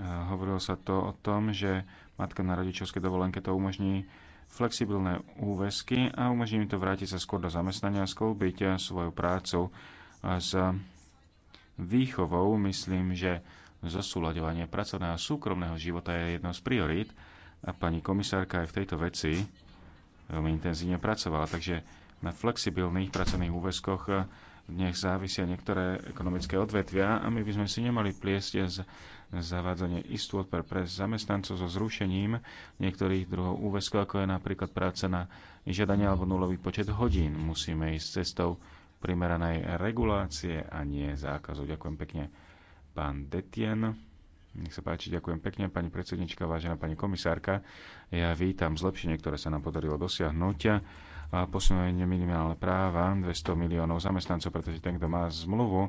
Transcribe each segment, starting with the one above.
Hovorilo sa to o tom, že matka na rodičovskej dovolenke to umožní flexibilné úväzky a umožní im to vrátiť sa skôr do zamestnania a sklbiť svoju prácu s výchovou. Myslím, že zosúľaďovanie pracovného a súkromného života je jednou z priorít a pani komisárka aj v tejto veci veľmi intenzívne pracovala. Takže na flexibilných pracovných úväzkoch v nech závisia niektoré ekonomické odvetvia a my by sme si nemali pliesť z zavádzanie istôt pre, pre zamestnancov so zrušením niektorých druhov úväzkov, ako je napríklad práca na žiadanie alebo nulový počet hodín. Musíme ísť cestou primeranej regulácie a nie zákazu. Ďakujem pekne, pán Detien. Nech sa páči, ďakujem pekne, pani predsednička, vážená pani komisárka. Ja vítam zlepšenie, ktoré sa nám podarilo dosiahnuť posunenie minimálne práva 200 miliónov zamestnancov, pretože ten, kto má zmluvu,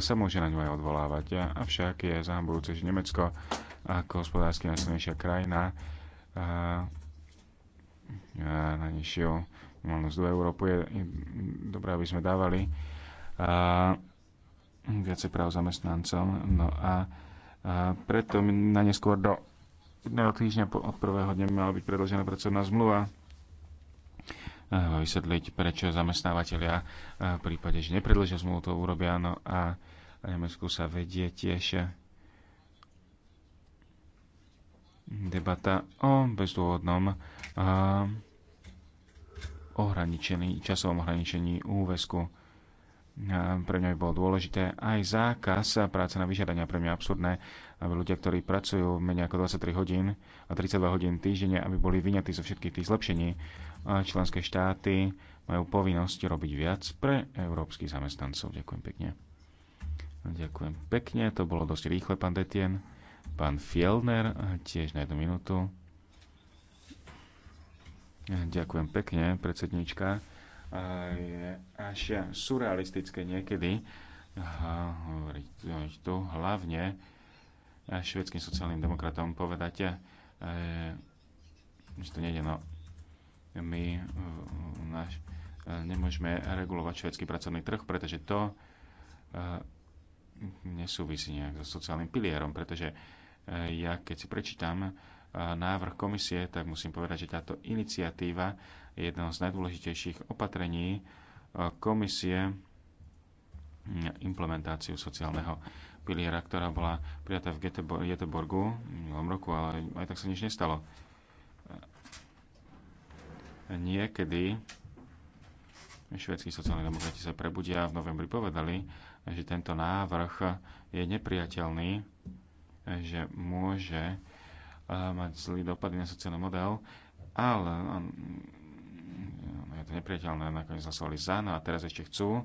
sa môže na ňu aj odvolávať. Avšak je zahambujúce, že Nemecko ako hospodársky najsilnejšia krajina a, a najnižšiu malosť do Európy je, je dobré, aby sme dávali a, viacej práv zamestnancom. No a, a preto na neskôr do jedného týždňa od prvého dňa mala byť predložená pracovná zmluva Eh, vysvetliť, prečo zamestnávateľia eh, v prípade, že nepredlžia zmluvu, to urobia. No a Nemecku sa vedie tiež debata o bezdôvodnom eh, ohraničení, časovom ohraničení úvesku. Pre mňa by bolo dôležité aj zákaz práce na vyžiadania. Pre mňa absurdné, aby ľudia, ktorí pracujú menej ako 23 hodín a 32 hodín týždenne, aby boli vyňatí zo všetkých tých zlepšení, členské štáty majú povinnosť robiť viac pre európskych zamestnancov. Ďakujem pekne. Ďakujem pekne, to bolo dosť rýchle, pán Detien. Pán Fielner, tiež na jednu minútu. Ďakujem pekne, predsednička. Je až surrealistické niekedy hovoriť tu, hlavne švedským sociálnym demokratom povedať, e, že to nejde no, my eh, náš, eh, nemôžeme regulovať švedský pracovný trh, pretože to eh, nesúvisí nejak so sociálnym pilierom, pretože ja keď si prečítam návrh komisie, tak musím povedať, že táto iniciatíva je jedno z najdôležitejších opatrení komisie na implementáciu sociálneho piliera, ktorá bola prijatá v Göteborgu v minulom roku, ale aj tak sa nič nestalo niekedy švedskí sociálni demokrati sa prebudia a v novembri povedali, že tento návrh je nepriateľný, že môže eh, mať zlý dopady na sociálny model, ale je to nepriateľné, nakoniec hlasovali za, no a teraz ešte chcú eh,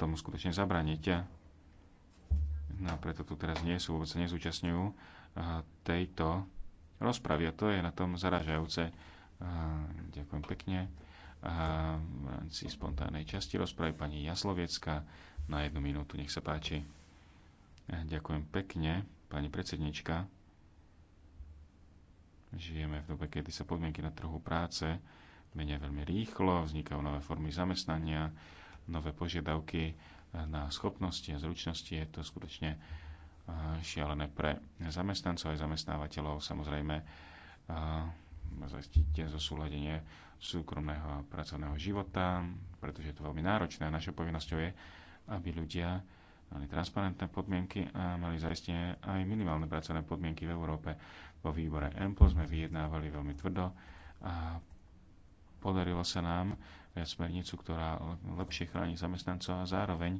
tomu skutočne zabraniť. No a preto tu teraz nie sú, vôbec sa nezúčastňujú eh, tejto rozpravy a to je na tom zaražajúce Ďakujem pekne. A v rámci spontánnej časti rozpravy pani Jasloviecka na jednu minútu. Nech sa páči. Ďakujem pekne, pani predsednička. Žijeme v dobe, kedy sa podmienky na trhu práce menia veľmi rýchlo, vznikajú nové formy zamestnania, nové požiadavky na schopnosti a zručnosti. Je to skutočne šialené pre zamestnancov aj zamestnávateľov. Samozrejme, zajistiť zosúladenie súkromného a pracovného života, pretože je to veľmi náročné. Našou povinnosťou je, aby ľudia mali transparentné podmienky a mali zaistenie aj minimálne pracovné podmienky v Európe. Vo výbore EMPO sme vyjednávali veľmi tvrdo a podarilo sa nám smernicu, ktorá lepšie chráni zamestnancov a zároveň,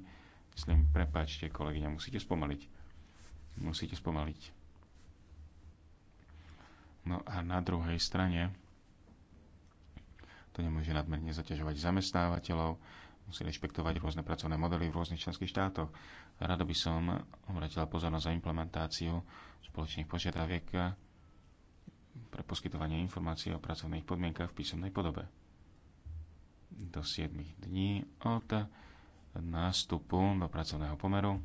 myslím, prepáčte kolegyňa, musíte spomaliť. Musíte spomaliť. No a na druhej strane to nemôže nadmerne zaťažovať zamestnávateľov, musí rešpektovať rôzne pracovné modely v rôznych členských štátoch. Rado by som obratila pozornosť za implementáciu spoločných požiadaviek pre poskytovanie informácií o pracovných podmienkach v písomnej podobe. Do 7 dní od nástupu do pracovného pomeru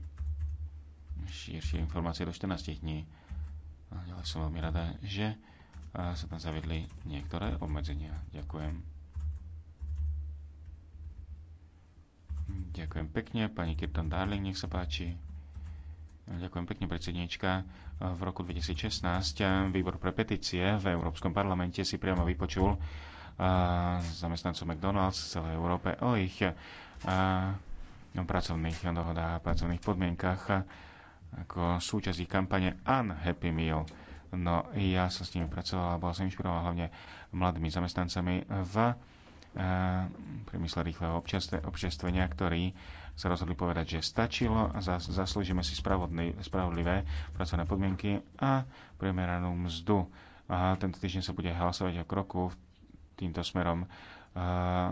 širšie informácie do 14 dní ale som veľmi rada, že sa tam zavedli niektoré obmedzenia. Ďakujem. Ďakujem pekne, pani Kirtan Darling, nech sa páči. Ďakujem pekne, predsednička. V roku 2016 výbor pre petície v Európskom parlamente si priamo vypočul zamestnancov McDonald's v celej Európe o ich pracovných dohodách a pracovných podmienkach ako súčasť ich kampane Unhappy Meal. No ja som s nimi pracoval a bol som inšpirovaná hlavne mladými zamestnancami v eh, priemysle rýchleho občerstvenia, ktorí sa rozhodli povedať, že stačilo a zaslúžime si spravodlivé pracovné podmienky a priemeranú mzdu. A tento týždeň sa bude hlasovať o kroku týmto smerom. Eh,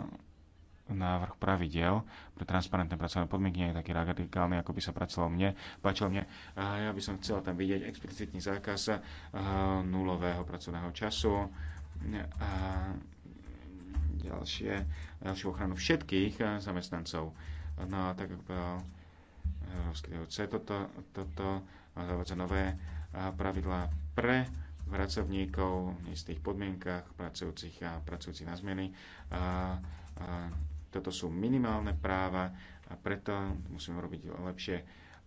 návrh pravidel pre transparentné pracovné podmienky nie je taký radikálny, ako by sa pracovalo mne. Páčilo mne. A ja by som chcel tam vidieť explicitný zákaz nulového pracovného času a ďalšie, ďalšiu ochranu všetkých zamestnancov. No a tak ako povedal Európsky DOC, toto, toto zavádza nové pravidlá pre pracovníkov v istých podmienkach, pracujúcich a pracujúcich na zmeny. A, a, toto sú minimálne práva a preto musíme robiť lepšie.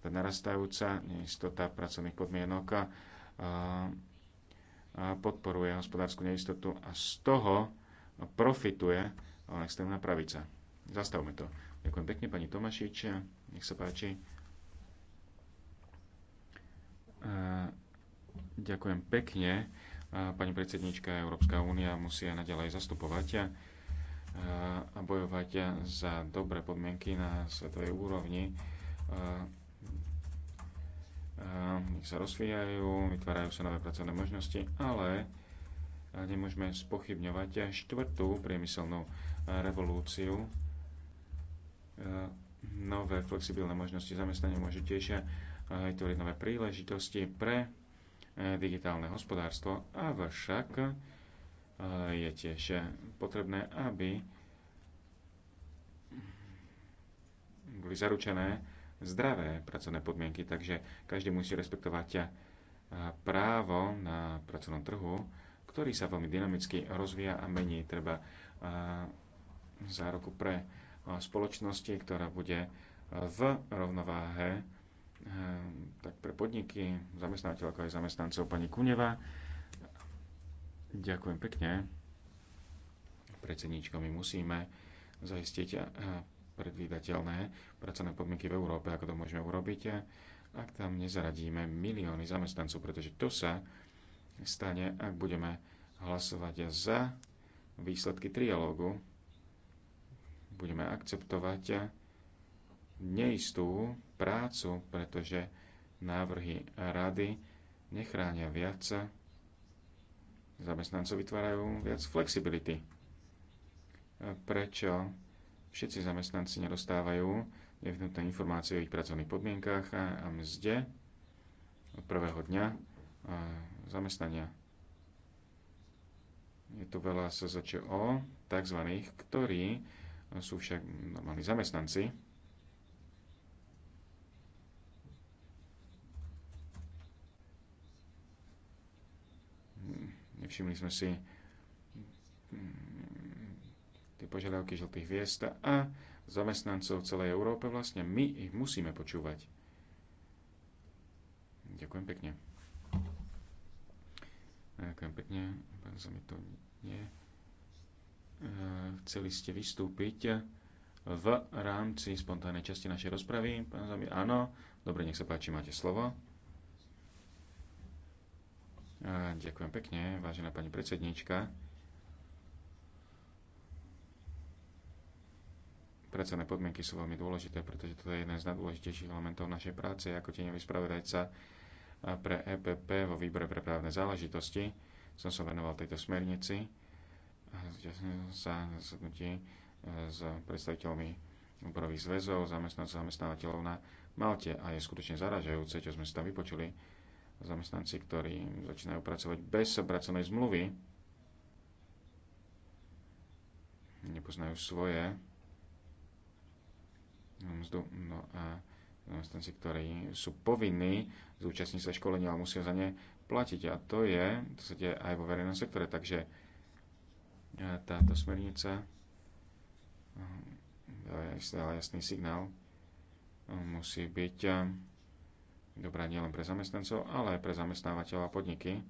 Tá narastajúca neistota pracovných podmienok a, a podporuje hospodárskú neistotu a z toho profituje extrémna pravica. Zastavme to. Ďakujem pekne pani Tomašič. Nech sa páči. Ďakujem pekne. Pani predsednička Európska únia musí naďalej zastupovať a bojovať za dobré podmienky na svetovej úrovni. Nech sa rozvíjajú, vytvárajú sa nové pracovné možnosti, ale nemôžeme spochybňovať aj štvrtú priemyselnú revolúciu. Nové flexibilné možnosti zamestnania môžu tiež tvoriť nové príležitosti pre e, digitálne hospodárstvo, avšak je tiež potrebné, aby boli zaručené zdravé pracovné podmienky, takže každý musí respektovať eh, právo na pracovnom trhu, ktorý sa veľmi dynamicky rozvíja a mení. Treba eh, záruku pre eh, spoločnosti, ktorá bude v rovnováhe tak pre podniky, zamestnávateľov ako aj zamestnancov pani Kuneva Ďakujem pekne. Predsedníčko, my musíme zaistiť eh, predvídateľné pracovné podmienky v Európe, ako to môžeme urobiť, eh, ak tam nezaradíme milióny zamestnancov, pretože to sa stane, ak budeme hlasovať za výsledky trialógu. Budeme akceptovať eh, neistú prácu, pretože návrhy rady nechránia viac zamestnancov vytvárajú viac flexibility. Prečo všetci zamestnanci nedostávajú nevyhnutné informácie o ich pracovných podmienkách a mzde od prvého dňa zamestnania. Je tu veľa SZČO, tzv., ktorí sú však normálni zamestnanci, Všimli sme si mm, tie požiadavky žltých hviezd a zamestnancov celej Európe vlastne my ich musíme počúvať. Ďakujem pekne. Ďakujem pekne, pán to nie. E, chceli ste vystúpiť v rámci spontánnej časti našej rozpravy, pán áno. Dobre, nech sa páči, máte slovo. Ďakujem pekne, vážená pani predsedníčka. Pracovné podmienky sú veľmi dôležité, pretože to je jeden z najdôležitejších elementov našej práce ako tieňový spravodajca pre EPP vo výbore pre právne záležitosti. Som sa venoval tejto smernici zúčastnil sa zasadnutí e, s predstaviteľmi úborových zväzov, zamestnancov, zamestnávateľov na Malte a je skutočne zaražajúce, čo sme si tam vypočuli zamestnanci, ktorí začínajú pracovať bez pracovnej zmluvy, nepoznajú svoje mzdu. No a zamestnanci, ktorí sú povinní zúčastniť sa školenia, ale musia za ne platiť. A to je, to sa deje aj vo verejnom sektore, takže e, táto smernica e, dáva stále jasný signál, e, musí byť dobrá nielen pre zamestnancov, ale aj pre zamestnávateľov a podniky.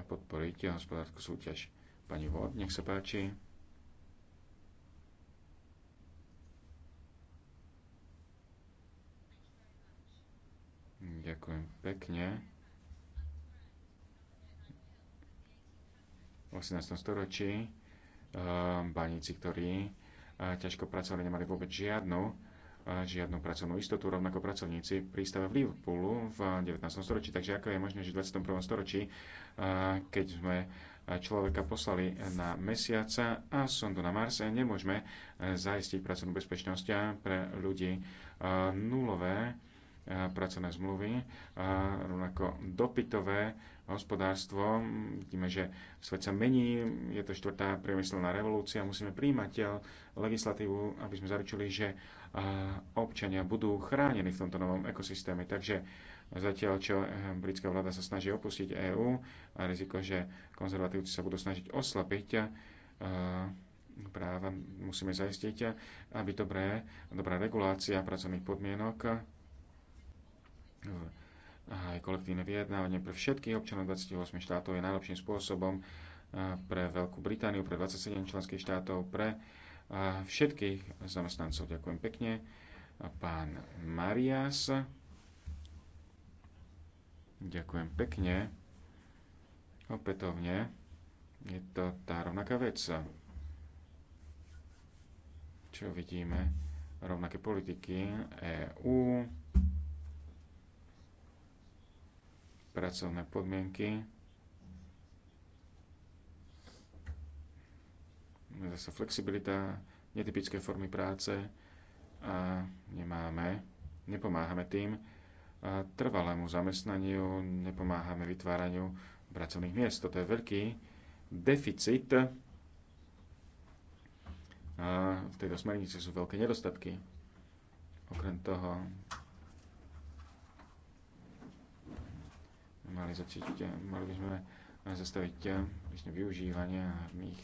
A podporiť hospodárskú súťaž. Pani Vod, nech sa páči. Ďakujem pekne. V 18. storočí eh, baníci, ktorí ťažko pracovali, nemali vôbec žiadnu žiadnu pracovnú istotu, rovnako pracovníci prístave v Liverpoolu v 19. storočí. Takže ako je možné, že v 21. storočí, keď sme človeka poslali na mesiaca a sondu na Marse, nemôžeme e, zaistiť pracovnú bezpečnosť pre ľudí e, nulové e, pracovné zmluvy, rovnako dopytové hospodárstvo. Vidíme, že svet sa mení, je to štvrtá priemyselná revolúcia, musíme príjmať eh, legislatívu, aby sme zaručili, že eh, občania budú chránení v tomto novom ekosystéme. Takže zatiaľ, čo eh, britská vláda sa snaží opustiť EÚ a riziko, že konzervatívci sa budú snažiť oslabiť práva, musíme zaistiť, aby dobré, dobrá regulácia pracovných podmienok aj kolektívne vyjednávanie pre všetkých občanov 28 štátov je najlepším spôsobom eh, pre Veľkú Britániu, pre 27 členských štátov, pre eh, všetkých zamestnancov. Ďakujem pekne. Pán Marias. Ďakujem pekne. Opätovne je to tá rovnaká vec. Čo vidíme? Rovnaké politiky EÚ pracovné podmienky. Zase flexibilita, netypické formy práce a nemáme, nepomáhame tým trvalému zamestnaniu, nepomáhame vytváraniu pracovných miest. Toto je veľký deficit. A v tejto smernici sú veľké nedostatky. Okrem toho mali, začať, e, mali by sme e, zastaviť vlastne využívanie ich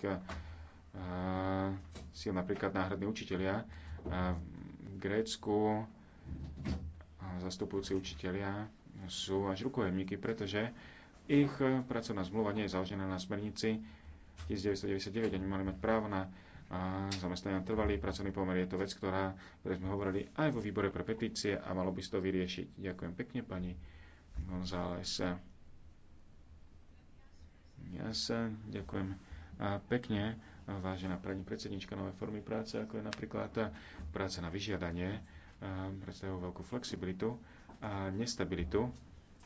síl, napríklad náhradní učitelia. V Grécku zastupujúci učitelia sú až rukojemníky, pretože ich pracovná zmluva nie je založená na smernici 1999. Oni mali mať právo na zamestnania trvalý pracovný pomer. Je to vec, ktorá, ktorej sme hovorili aj vo výbore pre petície a malo by to vyriešiť. Ďakujem pekne, pani González. Ja sa ďakujem pekne, vážená pani predsednička, nové formy práce, ako je napríklad práca na vyžiadanie, predstavujú veľkú flexibilitu a nestabilitu.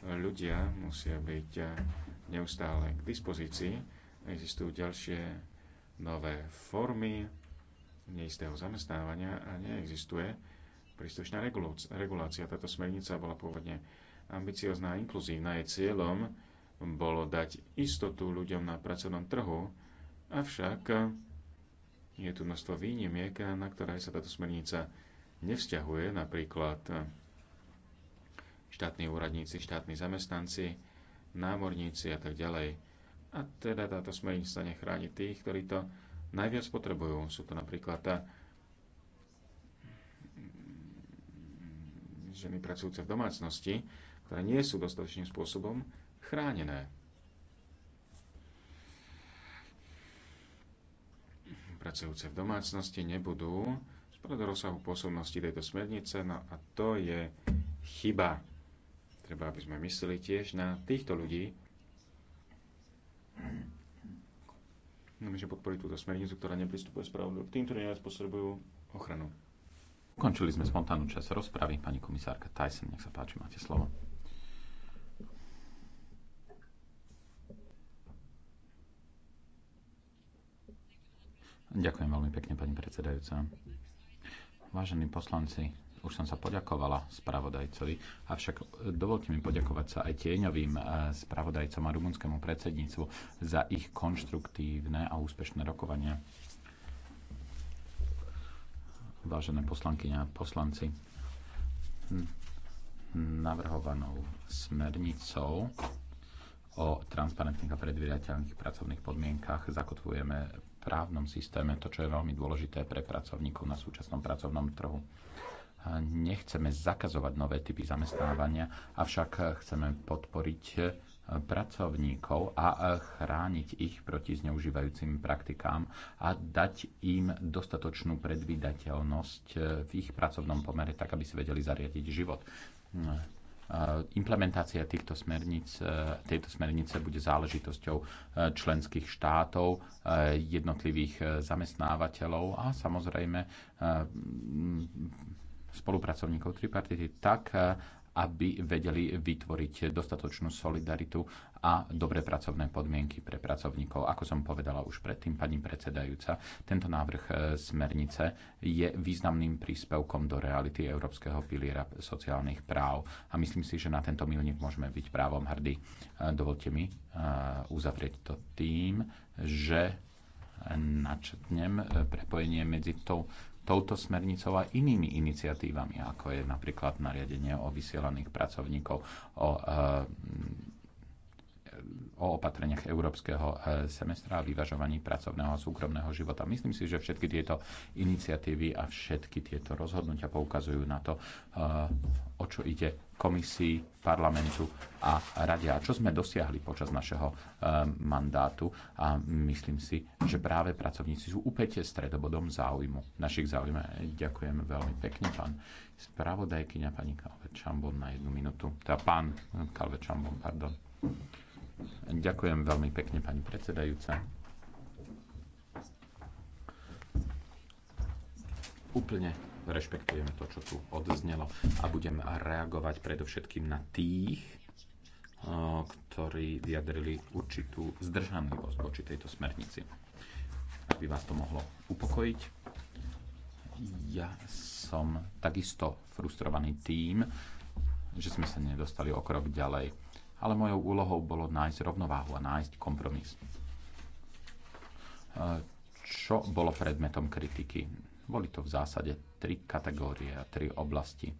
Ľudia musia byť neustále k dispozícii. Existujú ďalšie nové formy neistého zamestnávania a neexistuje príslušná regulácia. Táto smernica bola pôvodne ambiciozná a inkluzívna. Jej cieľom bolo dať istotu ľuďom na pracovnom trhu, avšak je tu množstvo výnimiek, na ktoré sa táto smernica nevzťahuje, napríklad štátni úradníci, štátni zamestnanci, námorníci a tak ďalej. A teda táto smernica nechráni tých, ktorí to najviac potrebujú. Sú to napríklad tá ženy pracujúce v domácnosti, ktoré nie sú dostatočným spôsobom chránené. Pracujúce v domácnosti nebudú spodať rozsahu pôsobnosti tejto smernice, no a to je chyba. Treba, aby sme mysleli tiež na týchto ľudí, Nemôže no, podporiť túto smernicu, ktorá nepristupuje správne k tým, ktorí najviac potrebujú ochranu. Ukončili sme spontánnu časť rozpravy. Pani komisárka Tyson, nech sa páči, máte slovo. Ďakujem veľmi pekne, pani predsedajúca. Vážení poslanci, už som sa poďakovala spravodajcovi, avšak dovolte mi poďakovať sa aj tieňovým eh, spravodajcom a rumunskému predsedníctvu za ich konštruktívne a úspešné rokovania. Vážené poslankyne a poslanci, navrhovanou smernicou o transparentných a predvydateľných pracovných podmienkach zakotvujeme právnom systéme, to, čo je veľmi dôležité pre pracovníkov na súčasnom pracovnom trhu. Nechceme zakazovať nové typy zamestnávania, avšak chceme podporiť e, pracovníkov a e, chrániť ich proti zneužívajúcim praktikám a dať im dostatočnú predvídateľnosť e, v ich pracovnom pomere, tak aby si vedeli zariadiť život E, implementácia týchto smerníc, e, tejto smernice bude záležitosťou e, členských štátov, jednotlivých zamestnávateľov a samozrejme spolupracovníkov tripartity tak, aby vedeli vytvoriť dostatočnú solidaritu a dobré pracovné podmienky pre pracovníkov. Ako som povedala už predtým, pani predsedajúca, tento návrh e, smernice je významným príspevkom do reality Európskeho piliera sociálnych práv a myslím si, že na tento milník môžeme byť právom hrdí. E, dovolte mi e, uzavrieť to tým, že načetnem prepojenie medzi tou touto smernicou a inými iniciatívami, ako je napríklad nariadenie o vysielaných pracovníkov, o e, o opatreniach európskeho e, semestra a vyvažovaní pracovného a súkromného života. Myslím si, že všetky tieto iniciatívy a všetky tieto rozhodnutia poukazujú na to, e, o čo ide komisii, parlamentu a rade. A čo sme dosiahli počas našeho e, mandátu a myslím si, že práve pracovníci sú úplne stredobodom záujmu, našich záujmov. Ďakujem veľmi pekne, pán spravodajkyňa, pani Čambon na jednu minútu. Teda pán Čambon, pardon. Ďakujem veľmi pekne, pani predsedajúca. Úplne rešpektujeme to, čo tu odznelo a budem reagovať predovšetkým na tých, ktorí vyjadrili určitú zdržanlivosť voči tejto smernici. Aby vás to mohlo upokojiť, ja som takisto frustrovaný tým, že sme sa nedostali o krok ďalej ale mojou úlohou bolo nájsť rovnováhu a nájsť kompromis. E, čo bolo predmetom kritiky? Boli to v zásade tri kategórie a tri oblasti.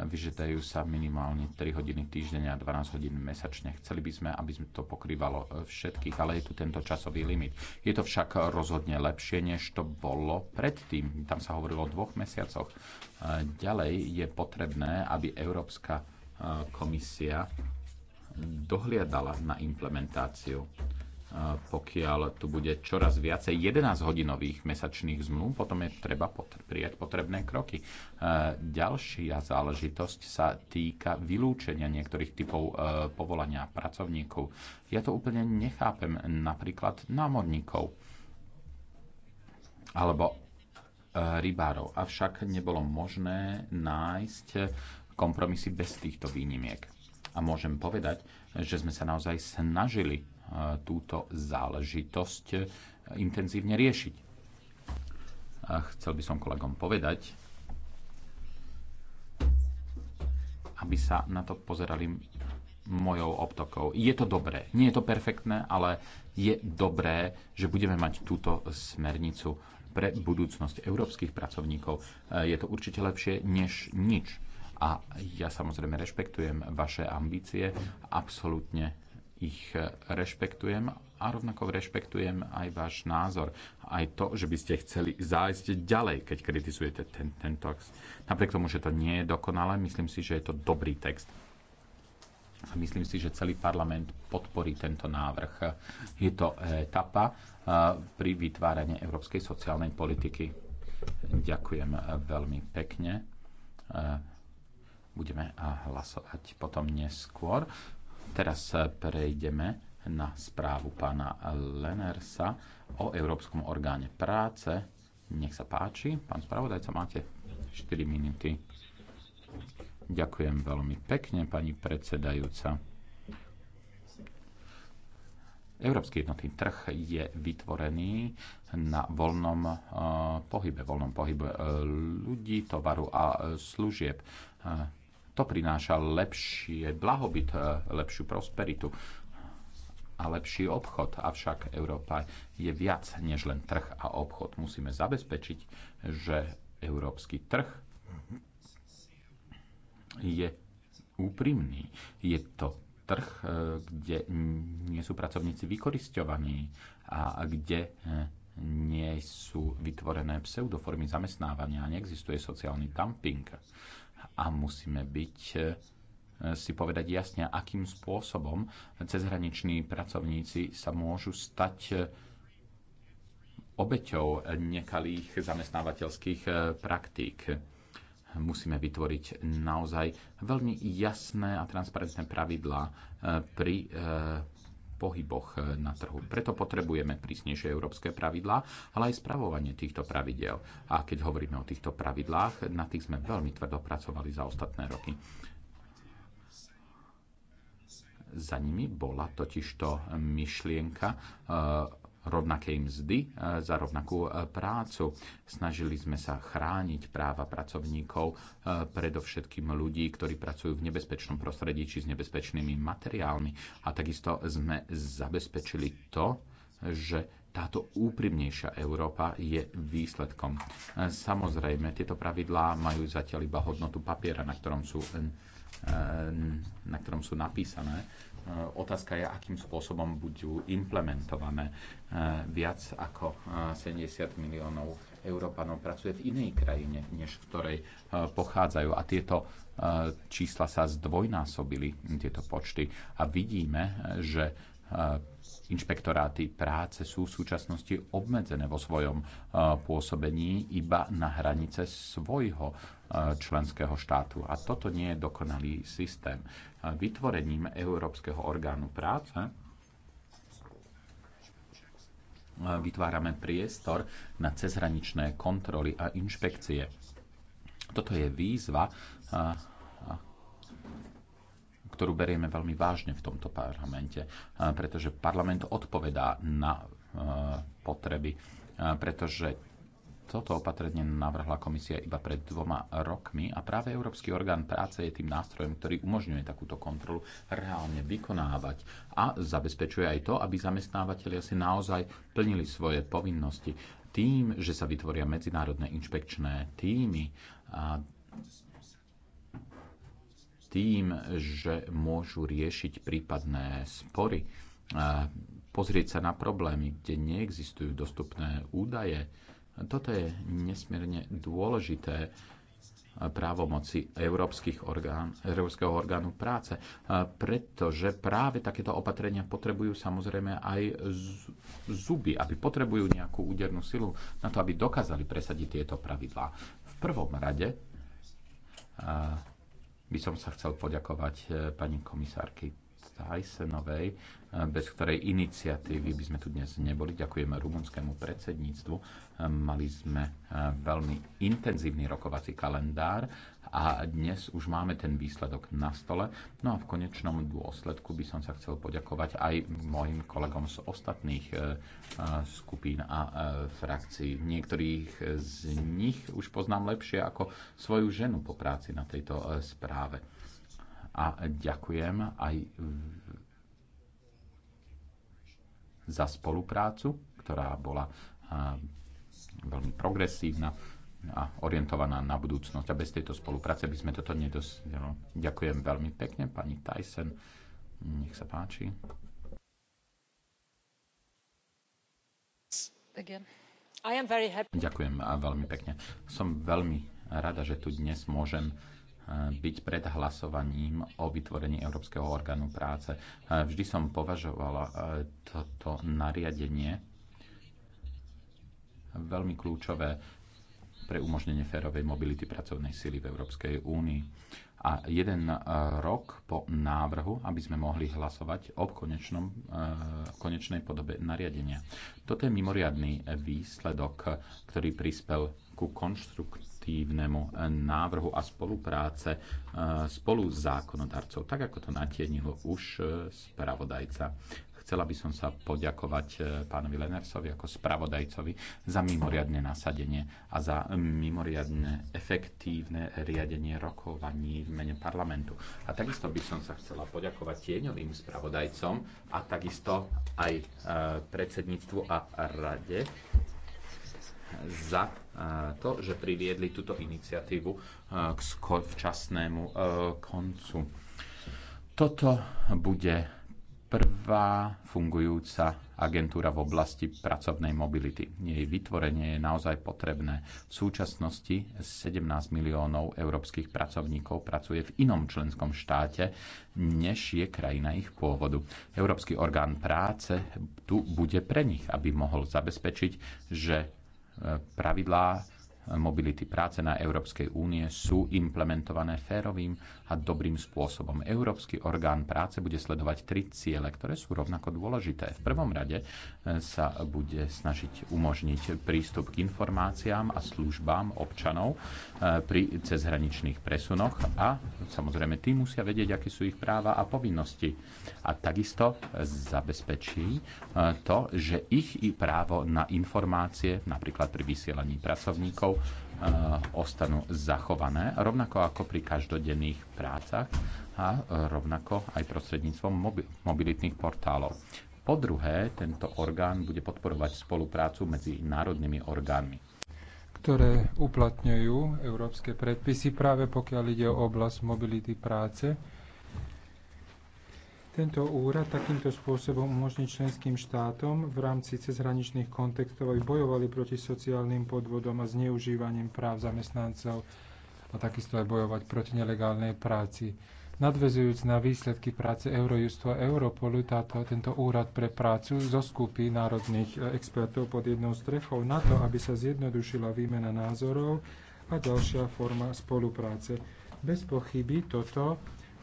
vyžadajú sa minimálne 3 hodiny týždenia a 12 hodín mesačne. Chceli by sme, aby sme to pokrývalo e, všetkých, ale je tu tento časový limit. Je to však rozhodne lepšie, než to bolo predtým. Tam sa hovorilo o dvoch mesiacoch. E, ďalej je potrebné, aby Európska e, komisia dohliadala na implementáciu pokiaľ tu bude čoraz viacej 11-hodinových mesačných zmluv, potom je treba prijať potrebné kroky. E, ďalšia záležitosť sa týka vylúčenia niektorých typov e, povolania pracovníkov. Ja to úplne nechápem, napríklad námorníkov alebo e, rybárov. Avšak nebolo možné nájsť kompromisy bez týchto výnimiek. A môžem povedať, že sme sa naozaj snažili túto záležitosť e, intenzívne riešiť. A chcel by som kolegom povedať, aby sa na to pozerali mojou optokou. Je to dobré. Nie je to perfektné, ale je dobré, že budeme mať túto smernicu pre budúcnosť európskych pracovníkov. E, je to určite lepšie než nič. A ja samozrejme rešpektujem vaše ambície. Absolútne ich rešpektujem a rovnako rešpektujem aj váš názor. Aj to, že by ste chceli zájsť ďalej, keď kritizujete ten, ten text. Napriek tomu, že to nie je dokonalé, myslím si, že je to dobrý text. A myslím si, že celý parlament podporí tento návrh. Je to etapa eh, pri vytváraní európskej sociálnej politiky. Ďakujem eh, veľmi pekne eh, budeme hlasovať potom neskôr. Teraz eh, prejdeme na správu pána Lenersa o Európskom orgáne práce. Nech sa páči, pán spravodajca, máte 4 minúty. Ďakujem veľmi pekne, pani predsedajúca. Európsky jednotný trh je vytvorený na voľnom eh, pohybe, voľnom pohybe eh, ľudí, tovaru a služieb to prináša lepšie blahobyt, e, lepšiu prosperitu a lepší obchod. Avšak Európa je viac než len trh a obchod. Musíme zabezpečiť, že európsky trh je úprimný. Je to trh, e, kde nie sú pracovníci vykoristovaní a kde e, nie sú vytvorené pseudoformy zamestnávania a neexistuje sociálny dumping a musíme byť e, si povedať jasne, akým spôsobom cezhraniční pracovníci sa môžu stať e, obeťou nekalých zamestnávateľských e, praktík. Musíme vytvoriť naozaj veľmi jasné a transparentné pravidlá pri pohyboch eh, na trhu. Preto potrebujeme prísnejšie európske pravidlá, ale aj spravovanie týchto pravidel. A keď hovoríme o týchto pravidlách, na tých sme veľmi tvrdo pracovali za ostatné roky. Za nimi bola totižto myšlienka eh, rovnakej mzdy e, za rovnakú e, prácu. Snažili sme sa chrániť práva pracovníkov, e, predovšetkým ľudí, ktorí pracujú v nebezpečnom prostredí či s nebezpečnými materiálmi. A takisto sme zabezpečili to, že táto úprimnejšia Európa je výsledkom. Samozrejme, tieto pravidlá majú zatiaľ iba hodnotu papiera, na ktorom sú, na ktorom sú napísané E, otázka je, akým spôsobom budú implementované. E, viac ako 70 e, miliónov Európanov pracuje v inej krajine, než v ktorej pochádzajú. A tieto čísla sa zdvojnásobili, tieto počty. A vidíme, že inšpektoráty práce sú v súčasnosti obmedzené vo svojom pôsobení iba na hranice svojho členského štátu. A toto nie je dokonalý systém vytvorením Európskeho orgánu práce vytvárame priestor na cezhraničné kontroly a inšpekcie. Toto je výzva, ktorú berieme veľmi vážne v tomto parlamente, pretože parlament odpovedá na potreby, pretože toto opatrenie navrhla komisia iba pred dvoma rokmi a práve Európsky orgán práce je tým nástrojom, ktorý umožňuje takúto kontrolu reálne vykonávať a zabezpečuje aj to, aby zamestnávateľia si naozaj plnili svoje povinnosti tým, že sa vytvoria medzinárodné inšpekčné týmy a tým, že môžu riešiť prípadné spory, pozrieť sa na problémy, kde neexistujú dostupné údaje, toto je nesmierne dôležité právomoci európskych orgán, Európskeho orgánu práce, pretože práve takéto opatrenia potrebujú samozrejme aj zuby, aby potrebujú nejakú údernú silu na to, aby dokázali presadiť tieto pravidlá. V prvom rade by som sa chcel poďakovať e, pani komisárky Tysonovej bez ktorej iniciatívy by sme tu dnes neboli. Ďakujeme rumunskému predsedníctvu. Mali sme eh, veľmi intenzívny rokovací kalendár a dnes už máme ten výsledok na stole. No a v konečnom dôsledku by som sa chcel poďakovať aj mojim kolegom z ostatných eh, eh, skupín a frakcií. Niektorých z nich už poznám lepšie ako svoju ženu po práci na tejto správe. A ďakujem aj za spoluprácu, ktorá bola veľmi progresívna a orientovaná na budúcnosť. A bez tejto spolupráce by sme toto nedosiahli. Ďakujem veľmi pekne, pani Tyson. Nech sa páči. Ďakujem veľmi pekne. Som veľmi rada, že tu dnes môžem byť pred hlasovaním o vytvorení Európskeho orgánu práce. Vždy som považovala e, toto nariadenie veľmi kľúčové pre umožnenie férovej mobility pracovnej sily v Európskej únii. A jeden e, rok po návrhu, aby sme mohli hlasovať o konečnom, e, konečnej podobe nariadenia. Toto je mimoriadný výsledok, ktorý prispel ku konštrukt legislatívnemu eh, návrhu a spolupráce eh, spolu s zákonodarcov, tak ako to natienil už eh, spravodajca. Chcela by som sa poďakovať pánovi Lenersovi ako spravodajcovi za mimoriadne nasadenie a za mimoriadne efektívne riadenie rokovaní v mene parlamentu. A takisto by som sa chcela poďakovať tieňovým spravodajcom a takisto aj predsedníctvu a rade za e, to, že priviedli túto iniciatívu e, k včasnému e, koncu. Toto bude prvá fungujúca agentúra v oblasti pracovnej mobility. Jej vytvorenie je naozaj potrebné. V súčasnosti 17 miliónov európskych pracovníkov pracuje v inom členskom štáte, než je krajina ich pôvodu. Európsky orgán práce tu bude pre nich, aby mohol zabezpečiť, že pravidlá mobility práce na Európskej únie sú implementované férovým a dobrým spôsobom. Európsky orgán práce bude sledovať tri ciele, ktoré sú rovnako dôležité. V prvom rade e, sa bude snažiť umožniť prístup k informáciám a službám občanov e, pri cezhraničných presunoch a samozrejme tí musia vedieť, aké sú ich práva a povinnosti. A takisto zabezpečí e, to, že ich i právo na informácie, napríklad pri vysielaní pracovníkov, štátov eh, ostanú zachované, rovnako ako pri každodenných prácach a rovnako aj prostredníctvom mobilitných portálov. Po druhé, tento orgán bude podporovať spoluprácu medzi národnými orgánmi ktoré uplatňujú európske predpisy práve pokiaľ ide o oblasť mobility práce tento úrad takýmto spôsobom umožní členským štátom v rámci cezhraničných kontextov aby bojovali proti sociálnym podvodom a zneužívaniu práv zamestnancov a takisto aj bojovať proti nelegálnej práci. Nadvezujúc na výsledky práce Eurojustu a Europolu, táto, tento úrad pre prácu zoskupí národných eh, expertov pod jednou strechou na to, aby sa zjednodušila výmena názorov a ďalšia forma spolupráce. Bez pochyby toto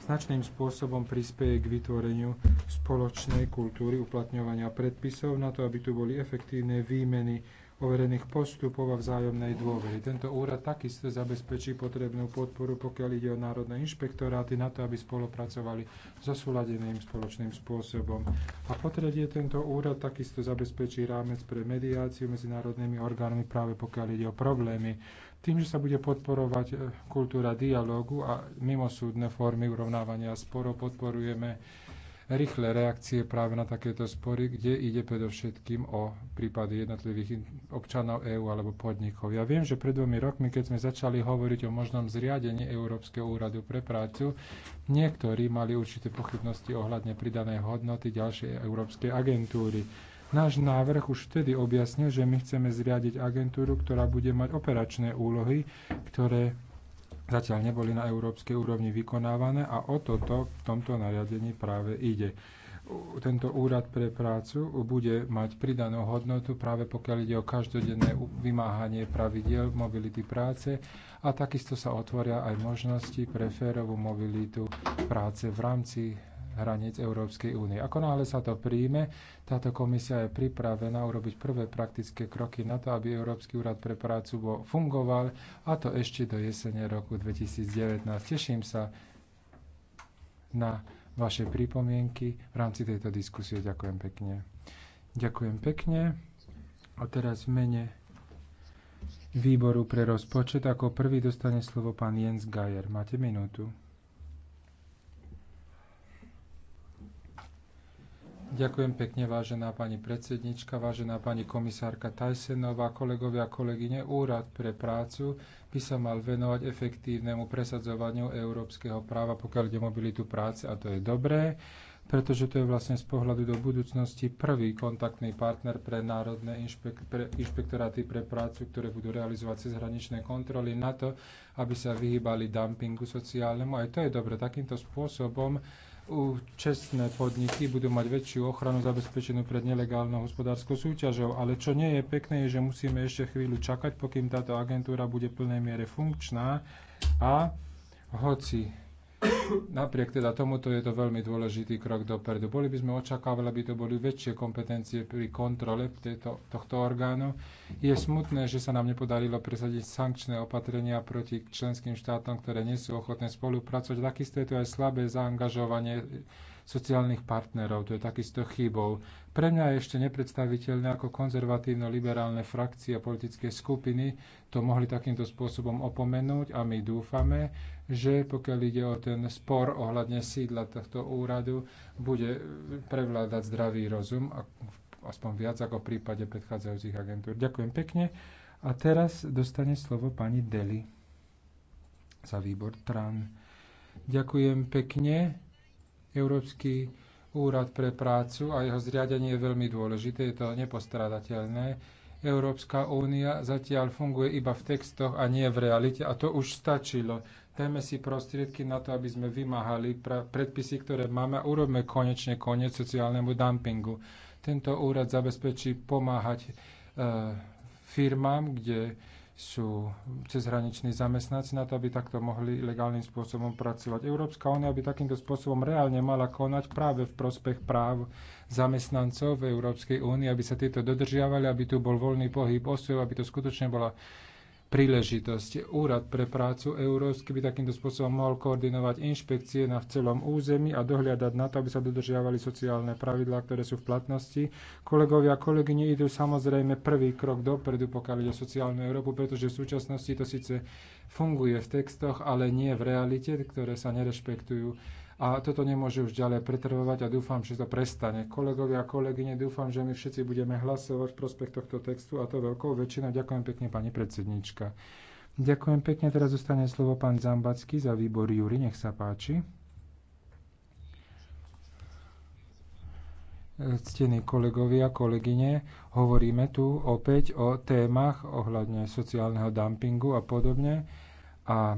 značným spôsobom prispeje k vytvoreniu spoločnej kultúry uplatňovania predpisov na to, aby tu boli efektívne výmeny overených postupov a vzájomnej dôvery. Tento úrad takisto zabezpečí potrebnú podporu, pokiaľ ide o národné inšpektoráty, na to, aby spolupracovali so súladeným spoločným spôsobom. A po tretie, tento úrad takisto zabezpečí rámec pre mediáciu medzi národnými orgánmi, práve pokiaľ ide o problémy, tým, že sa bude podporovať e, kultúra dialógu a mimosúdne formy urovnávania sporov, podporujeme rýchle reakcie práve na takéto spory, kde ide predovšetkým o prípady jednotlivých občanov EÚ alebo podnikov. Ja viem, že pred dvomi rokmi, keď sme začali hovoriť o možnom zriadení Európskeho úradu pre prácu, niektorí mali určité pochybnosti ohľadne pridanej hodnoty ďalšej európskej agentúry. Náš návrh už vtedy objasnil, že my chceme zriadiť agentúru, ktorá bude mať operačné úlohy, ktoré zatiaľ neboli na európskej úrovni vykonávané a o toto v tomto nariadení práve ide. Tento úrad pre prácu bude mať pridanú hodnotu práve pokiaľ ide o každodenné vymáhanie pravidiel mobility práce a takisto sa otvoria aj možnosti pre férovú mobilitu práce v rámci hraníc Európskej únie. Ako náhle sa to príjme, táto komisia je pripravená urobiť prvé praktické kroky na to, aby Európsky úrad pre prácu bol fungoval, a to ešte do jesene roku 2019. Teším sa na vaše pripomienky v rámci tejto diskusie. Ďakujem pekne. Ďakujem pekne. A teraz v mene výboru pre rozpočet ako prvý dostane slovo pán Jens Gajer. Máte minútu. Ďakujem pekne, vážená pani predsednička, vážená pani komisárka Tajsenová, kolegovia a kolegyne. Úrad pre prácu by sa mal venovať efektívnemu presadzovaniu európskeho práva, pokiaľ ide mobilitu práce, a to je dobré pretože to je vlastne z pohľadu do budúcnosti prvý kontaktný partner pre národné inšpek- pre inšpektoráty pre prácu, ktoré budú realizovať cezhraničné kontroly na to, aby sa vyhýbali dumpingu sociálnemu. Aj to je dobre. Takýmto spôsobom čestné podniky budú mať väčšiu ochranu zabezpečenú pred nelegálnou hospodárskou súťažou. Ale čo nie je pekné, je, že musíme ešte chvíľu čakať, pokým táto agentúra bude v plnej miere funkčná a hoci Napriek teda tomuto je to veľmi dôležitý krok dopredu. Boli by sme očakávali, aby to boli väčšie kompetencie pri kontrole tejto, tohto orgánu. Je smutné, že sa nám nepodarilo presadiť sankčné opatrenia proti členským štátom, ktoré nie sú ochotné spolupracovať. Takisto je tu aj slabé zaangažovanie sociálnych partnerov. To je takisto chybou. Pre mňa je ešte nepredstaviteľné, ako konzervatívno-liberálne frakcie a politické skupiny to mohli takýmto spôsobom opomenúť a my dúfame, že pokiaľ ide o ten spor ohľadne sídla tohto úradu, bude prevládať zdravý rozum, aspoň viac ako v prípade predchádzajúcich agentúr. Ďakujem pekne. A teraz dostane slovo pani Deli za výbor TRAN. Ďakujem pekne. Európsky úrad pre prácu a jeho zriadenie je veľmi dôležité, je to nepostrádateľné. Európska únia zatiaľ funguje iba v textoch a nie v realite a to už stačilo. Dajme si prostriedky na to, aby sme vymáhali predpisy, ktoré máme a urobme konečne koniec sociálnemu dumpingu. Tento úrad zabezpečí pomáhať e, firmám, kde sú cezhraniční zamestnanci na to, aby takto mohli legálnym spôsobom pracovať. Európska únia by takýmto spôsobom reálne mala konať práve v prospech práv zamestnancov v Európskej únii, aby sa tieto dodržiavali, aby tu bol voľný pohyb osôb, aby to skutočne bola príležitosť. Úrad pre prácu Európsky by takýmto spôsobom mohol koordinovať inšpekcie na celom území a dohliadať na to, aby sa dodržiavali sociálne pravidlá, ktoré sú v platnosti. Kolegovia a kolegyne idú samozrejme prvý krok dopredu, pokiaľ ide o sociálnu Európu, pretože v súčasnosti to síce funguje v textoch, ale nie v realite, ktoré sa nerešpektujú a toto nemôže už ďalej pretrvovať a dúfam, že to prestane. Kolegovia a kolegyne, dúfam, že my všetci budeme hlasovať v prospech tohto textu a to veľkou väčšinou. Ďakujem pekne, pani predsednička. Ďakujem pekne, teraz zostane slovo pán Zambacký za výbor Júri, nech sa páči. Ctení kolegovia, kolegyne, hovoríme tu opäť o témach ohľadne sociálneho dumpingu a podobne. A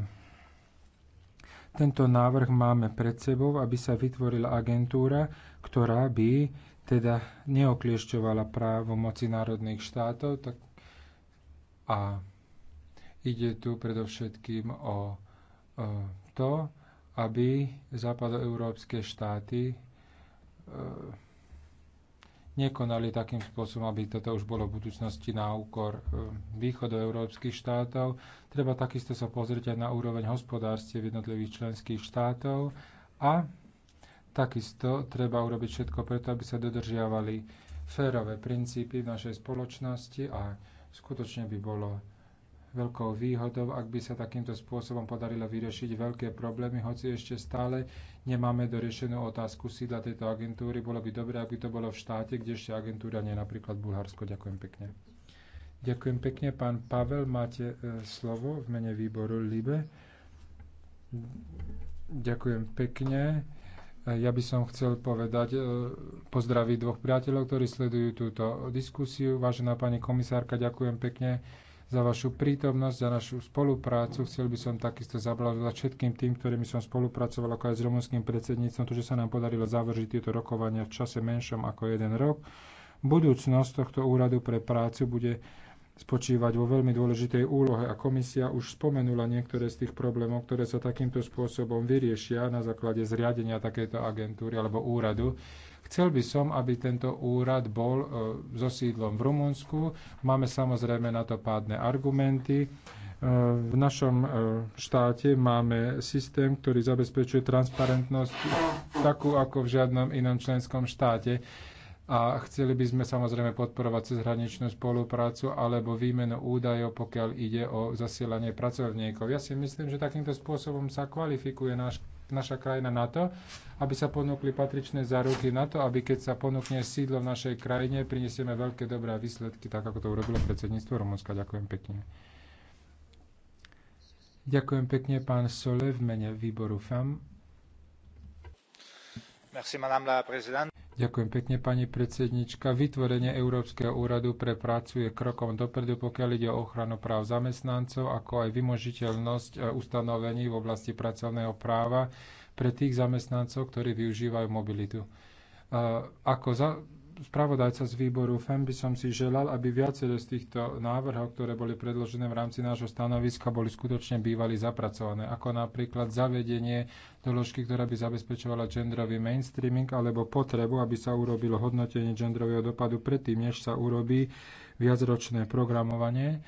tento návrh máme pred sebou, aby sa vytvorila agentúra, ktorá by teda neokliešťovala moci národných štátov tak a ide tu predovšetkým o, o to, aby západoeurópske štáty e, nekonali takým spôsobom, aby toto už bolo v budúcnosti na úkor e, východoeurópskych štátov. Treba takisto sa pozrieť aj na úroveň hospodárstiev jednotlivých členských štátov a takisto treba urobiť všetko preto, aby sa dodržiavali férové princípy v našej spoločnosti a skutočne by bolo veľkou výhodou, ak by sa takýmto spôsobom podarilo vyriešiť veľké problémy, hoci ešte stále nemáme doriešenú otázku sídla tejto agentúry. Bolo by dobré, aby to bolo v štáte, kde ešte agentúra nie, napríklad Bulharsko. Ďakujem pekne. Ďakujem pekne. Pán Pavel, máte e, slovo v mene výboru LIBE. Ďakujem pekne. E, ja by som chcel povedať, e, pozdraviť dvoch priateľov, ktorí sledujú túto diskusiu. Vážená pani komisárka, ďakujem pekne za vašu prítomnosť, za našu spoluprácu. Chcel by som takisto zablažovať všetkým tým, ktorými som spolupracoval, ako aj s rumunským predsedníctvom, to, že sa nám podarilo zavržiť tieto rokovania v čase menšom ako jeden rok. Budúcnosť tohto úradu pre prácu bude spočívať vo veľmi dôležitej úlohe a komisia už spomenula niektoré z tých problémov, ktoré sa takýmto spôsobom vyriešia na základe zriadenia takejto agentúry alebo úradu. Chcel by som, aby tento úrad bol e, so sídlom v Rumunsku. Máme samozrejme na to pádne argumenty. E, v našom e, štáte máme systém, ktorý zabezpečuje transparentnosť takú ako v žiadnom inom členskom štáte a chceli by sme samozrejme podporovať cezhraničnú spoluprácu alebo výmenu údajov, pokiaľ ide o zasielanie pracovníkov. Ja si myslím, že takýmto spôsobom sa kvalifikuje náš naša krajina na to, aby sa ponúkli patričné záruky na to, aby keď sa ponúkne sídlo v našej krajine, prinesieme veľké dobré výsledky, tak ako to urobilo predsedníctvo Rumunska. Ďakujem pekne. Ďakujem pekne, pán Sole, v mene výboru FAM. Ďakujem pekne, pani predsednička. Vytvorenie Európskeho úradu pre prácu je krokom dopredu, pokiaľ ide o ochranu práv zamestnancov, ako aj vymožiteľnosť e, ustanovení v oblasti pracovného práva pre tých zamestnancov, ktorí využívajú mobilitu. E, ako za, spravodajca z výboru FEM by som si želal, aby viaceré z týchto návrhov, ktoré boli predložené v rámci nášho stanoviska, boli skutočne bývali zapracované, ako napríklad zavedenie doložky, ktorá by zabezpečovala genderový mainstreaming alebo potrebu, aby sa urobilo hodnotenie genderového dopadu predtým, než sa urobí viacročné programovanie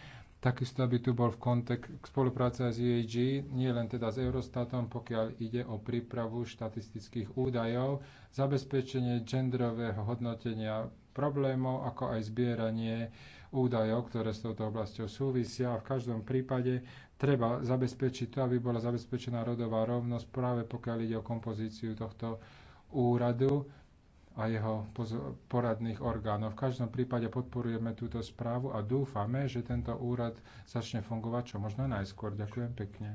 takisto aby tu bol v kontek spolupráca s EAG, nie len teda s Eurostatom, pokiaľ ide o prípravu štatistických údajov, zabezpečenie genderového hodnotenia problémov, ako aj zbieranie údajov, ktoré s touto oblasťou súvisia. A v každom prípade treba zabezpečiť to, aby bola zabezpečená rodová rovnosť práve pokiaľ ide o kompozíciu tohto úradu a jeho poradných orgánov. V každom prípade podporujeme túto správu a dúfame, že tento úrad začne fungovať čo možno najskôr. Ďakujem pekne.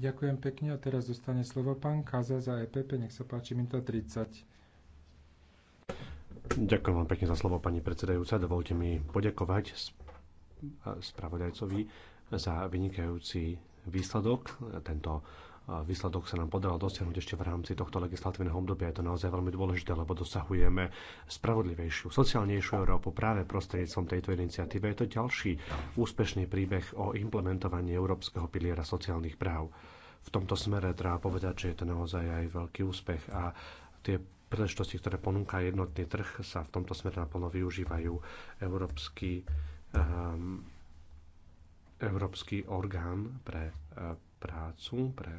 Ďakujem pekne a teraz dostane slovo pán Kaza za EPP. Nech sa páči, minúta 30. Ďakujem vám pekne za slovo, pani predsedajúca. Dovolte mi poďakovať spravodajcovi za vynikajúci výsledok. Tento Výsledok sa nám podarilo dosiahnuť ešte v rámci tohto legislatívneho obdobia. Je to naozaj veľmi dôležité, lebo dosahujeme spravodlivejšiu, sociálnejšiu Európu práve prostredníctvom tejto iniciatívy. Je to ďalší úspešný príbeh o implementovaní Európskeho piliera sociálnych práv. V tomto smere treba povedať, že je to naozaj aj veľký úspech a tie príležitosti, ktoré ponúka jednotný trh, sa v tomto smere naplno využívajú. Európsky, um, Európsky orgán pre uh, prácu, pre,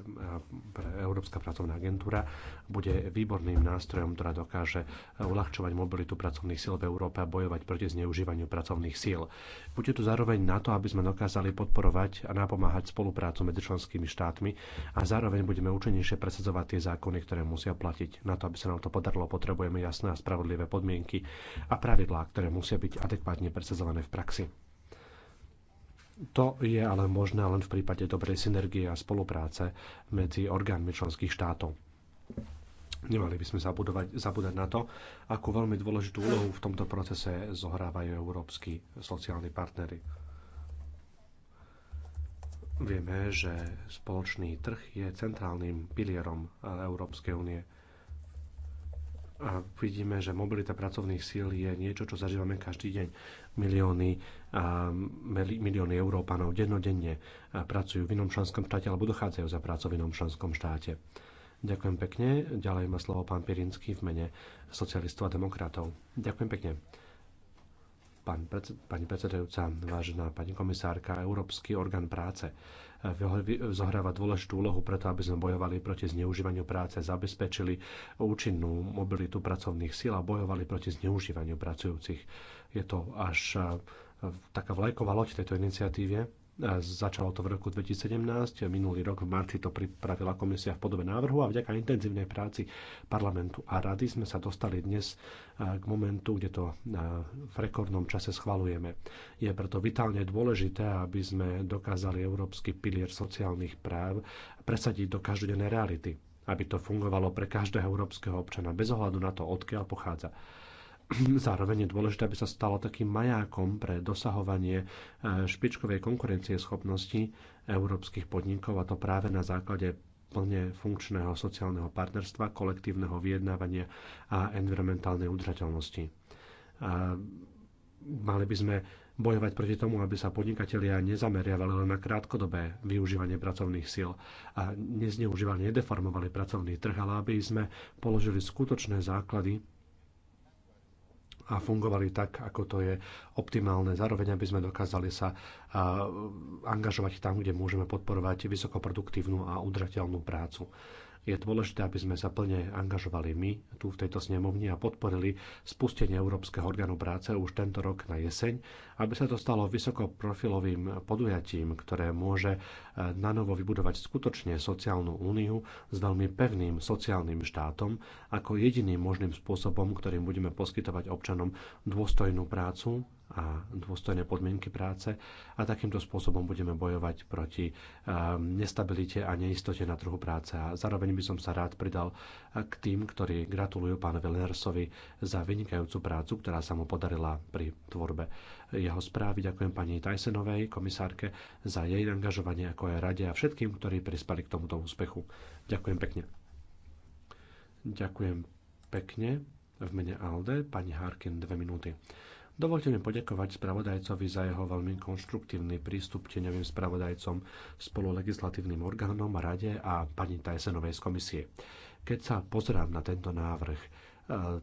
pre Európska pracovná agentúra bude výborným nástrojom, ktorá dokáže uľahčovať mobilitu pracovných síl v Európe a bojovať proti zneužívaniu pracovných síl. Bude tu zároveň na to, aby sme dokázali podporovať a napomáhať spoluprácu medzi členskými štátmi a zároveň budeme účinnejšie presadzovať tie zákony, ktoré musia platiť. Na to, aby sa nám to podarilo, potrebujeme jasné a spravodlivé podmienky a pravidlá, ktoré musia byť adekvátne presadzované v praxi. To je ale možné len v prípade dobrej synergie a spolupráce medzi orgánmi členských štátov. Nemali by sme zabudovať, zabúdať na to, akú veľmi dôležitú úlohu v tomto procese zohrávajú európsky sociálni partnery. Vieme, že spoločný trh je centrálnym pilierom Európskej únie. A vidíme, že mobilita pracovných síl je niečo, čo zažívame každý deň milióny, milióny Európanov dennodenne pracujú v inom členskom štáte alebo dochádzajú za prácu v inom členskom štáte. Ďakujem pekne. Ďalej má slovo pán Pirinský v mene socialistov a demokratov. Ďakujem pekne. Pán, pani predsedajúca, vážená pani komisárka, Európsky orgán práce zohráva dôležitú úlohu preto, aby sme bojovali proti zneužívaniu práce, zabezpečili účinnú mobilitu pracovných síl a bojovali proti zneužívaniu pracujúcich. Je to až eh, taká vlajková loď tejto iniciatíve, Začalo to v roku 2017, minulý rok v marci to pripravila komisia v podobe návrhu a vďaka intenzívnej práci parlamentu a rady sme sa dostali dnes e, k momentu, kde to e, v rekordnom čase schvalujeme. Je preto vitálne dôležité, aby sme dokázali európsky pilier sociálnych práv presadiť do každodennej reality, aby to fungovalo pre každého európskeho občana bez ohľadu na to, odkiaľ pochádza. Zároveň je dôležité, aby sa stala takým majákom pre dosahovanie e, špičkovej konkurencieschopnosti európskych podnikov a to práve na základe plne funkčného sociálneho partnerstva, kolektívneho vyjednávania a environmentálnej udržateľnosti. A e, mali by sme bojovať proti tomu, aby sa podnikatelia nezameriavali len na krátkodobé využívanie pracovných síl a nezneužívali, nedeformovali pracovný trh, ale aby sme položili skutočné základy a fungovali tak, ako to je optimálne. Zároveň, aby sme dokázali sa angažovať tam, kde môžeme podporovať vysokoproduktívnu a udržateľnú prácu je dôležité, aby sme sa plne angažovali my tu v tejto snemovni a podporili spustenie Európskeho orgánu práce už tento rok na jeseň, aby sa to stalo vysokoprofilovým podujatím, ktoré môže e, nanovo vybudovať skutočne sociálnu úniu s veľmi pevným sociálnym štátom ako jediným možným spôsobom, ktorým budeme poskytovať občanom dôstojnú prácu, a dôstojné podmienky práce a takýmto spôsobom budeme bojovať proti eh, nestabilite a neistote na trhu práce. A zároveň by som sa rád pridal eh, k tým, ktorí gratulujú pánovi Lenersovi za vynikajúcu prácu, ktorá sa mu podarila pri tvorbe jeho správy. Ďakujem pani Tysonovej, komisárke, za jej angažovanie ako aj rade a všetkým, ktorí prispali k tomuto úspechu. Ďakujem pekne. Ďakujem pekne. V mene ALDE pani Harkin dve minúty. Dovolte mi poďakovať spravodajcovi za jeho veľmi konštruktívny prístup tieňovým spravodajcom spolu legislatívnym orgánom, rade a pani Tajsenovej z komisie. Keď sa pozerám na tento návrh, e,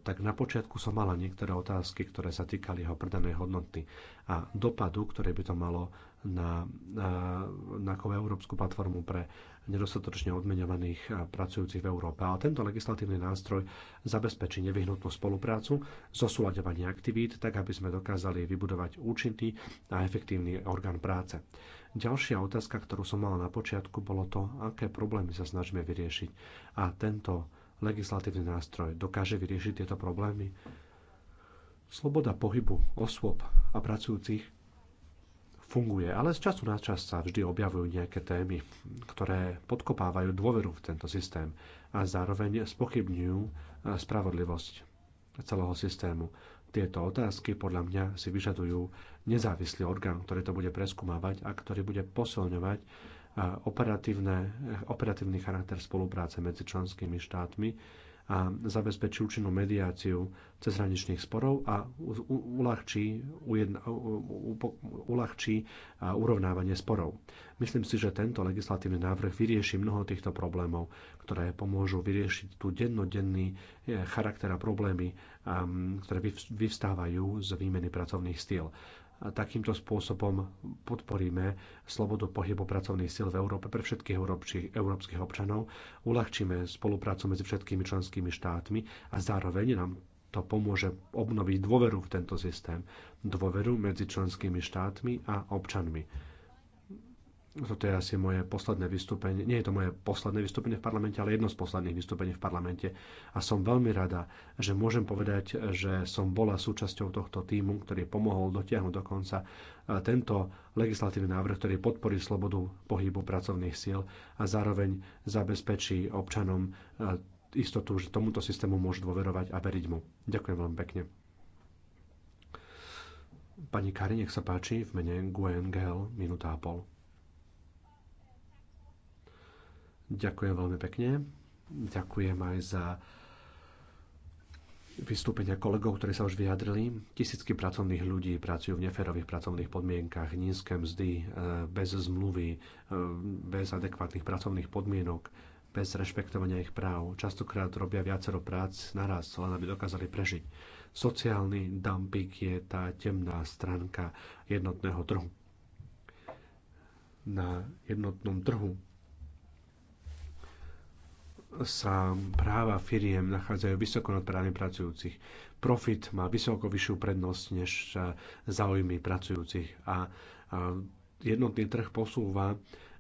tak na počiatku som mala niektoré otázky, ktoré sa týkali jeho predanej hodnoty a dopadu, ktoré by to malo na, na, na Európsku platformu pre nedostatočne odmeňovaných pracujúcich v Európe. A tento legislatívny nástroj zabezpečí nevyhnutnú spoluprácu, zosúľadovanie aktivít, tak aby sme dokázali vybudovať účinný a efektívny orgán práce. Ďalšia otázka, ktorú som mala na počiatku, bolo to, aké problémy sa snažíme vyriešiť. A tento legislatívny nástroj dokáže vyriešiť tieto problémy. Sloboda pohybu osôb a pracujúcich funguje. Ale z času na čas sa vždy objavujú nejaké témy, ktoré podkopávajú dôveru v tento systém a zároveň spochybňujú eh, spravodlivosť celého systému. Tieto otázky podľa mňa si vyžadujú nezávislý orgán, ktorý to bude preskúmavať a ktorý bude posilňovať eh, eh, operatívny charakter spolupráce medzi členskými štátmi a zabezpečí účinnú mediáciu cezhraničných sporov a uľahčí, ujedna, uľahčí urovnávanie sporov. Myslím si, že tento legislatívny návrh vyrieši mnoho týchto problémov, ktoré pomôžu vyriešiť tú dennodenný e, charakter a problémy, ktoré vyvstávajú z výmeny pracovných stiel takýmto spôsobom podporíme slobodu pohybu pracovných síl v Európe pre všetkých európskych, európskych občanov, uľahčíme spoluprácu medzi všetkými členskými štátmi a zároveň nám to pomôže obnoviť dôveru v tento systém, dôveru medzi členskými štátmi a občanmi toto je asi moje posledné vystúpenie. Nie je to moje posledné vystúpenie v parlamente, ale jedno z posledných vystúpení v parlamente. A som veľmi rada, že môžem povedať, že som bola súčasťou tohto týmu, ktorý pomohol dotiahnuť dokonca e, tento legislatívny návrh, ktorý podporí slobodu pohybu pracovných síl a zároveň zabezpečí občanom e, istotu, že tomuto systému môžu dôverovať a veriť mu. Ďakujem veľmi pekne. Pani Kari, nech sa páči, v mene Gwen Gell, minúta a pol. Ďakujem veľmi pekne. Ďakujem aj za vystúpenia kolegov, ktorí sa už vyjadrili. Tisícky pracovných ľudí pracujú v neférových pracovných podmienkach, nízke mzdy, e, bez zmluvy, e, bez adekvátnych pracovných podmienok, bez rešpektovania ich práv. Častokrát robia viacero prác naraz, len aby dokázali prežiť. Sociálny dumping je tá temná stránka jednotného trhu. Na jednotnom trhu sa práva firiem nachádzajú vysoko nad právami pracujúcich. Profit má vysoko vyššiu prednosť než eh, záujmy pracujúcich a jednotný trh posúva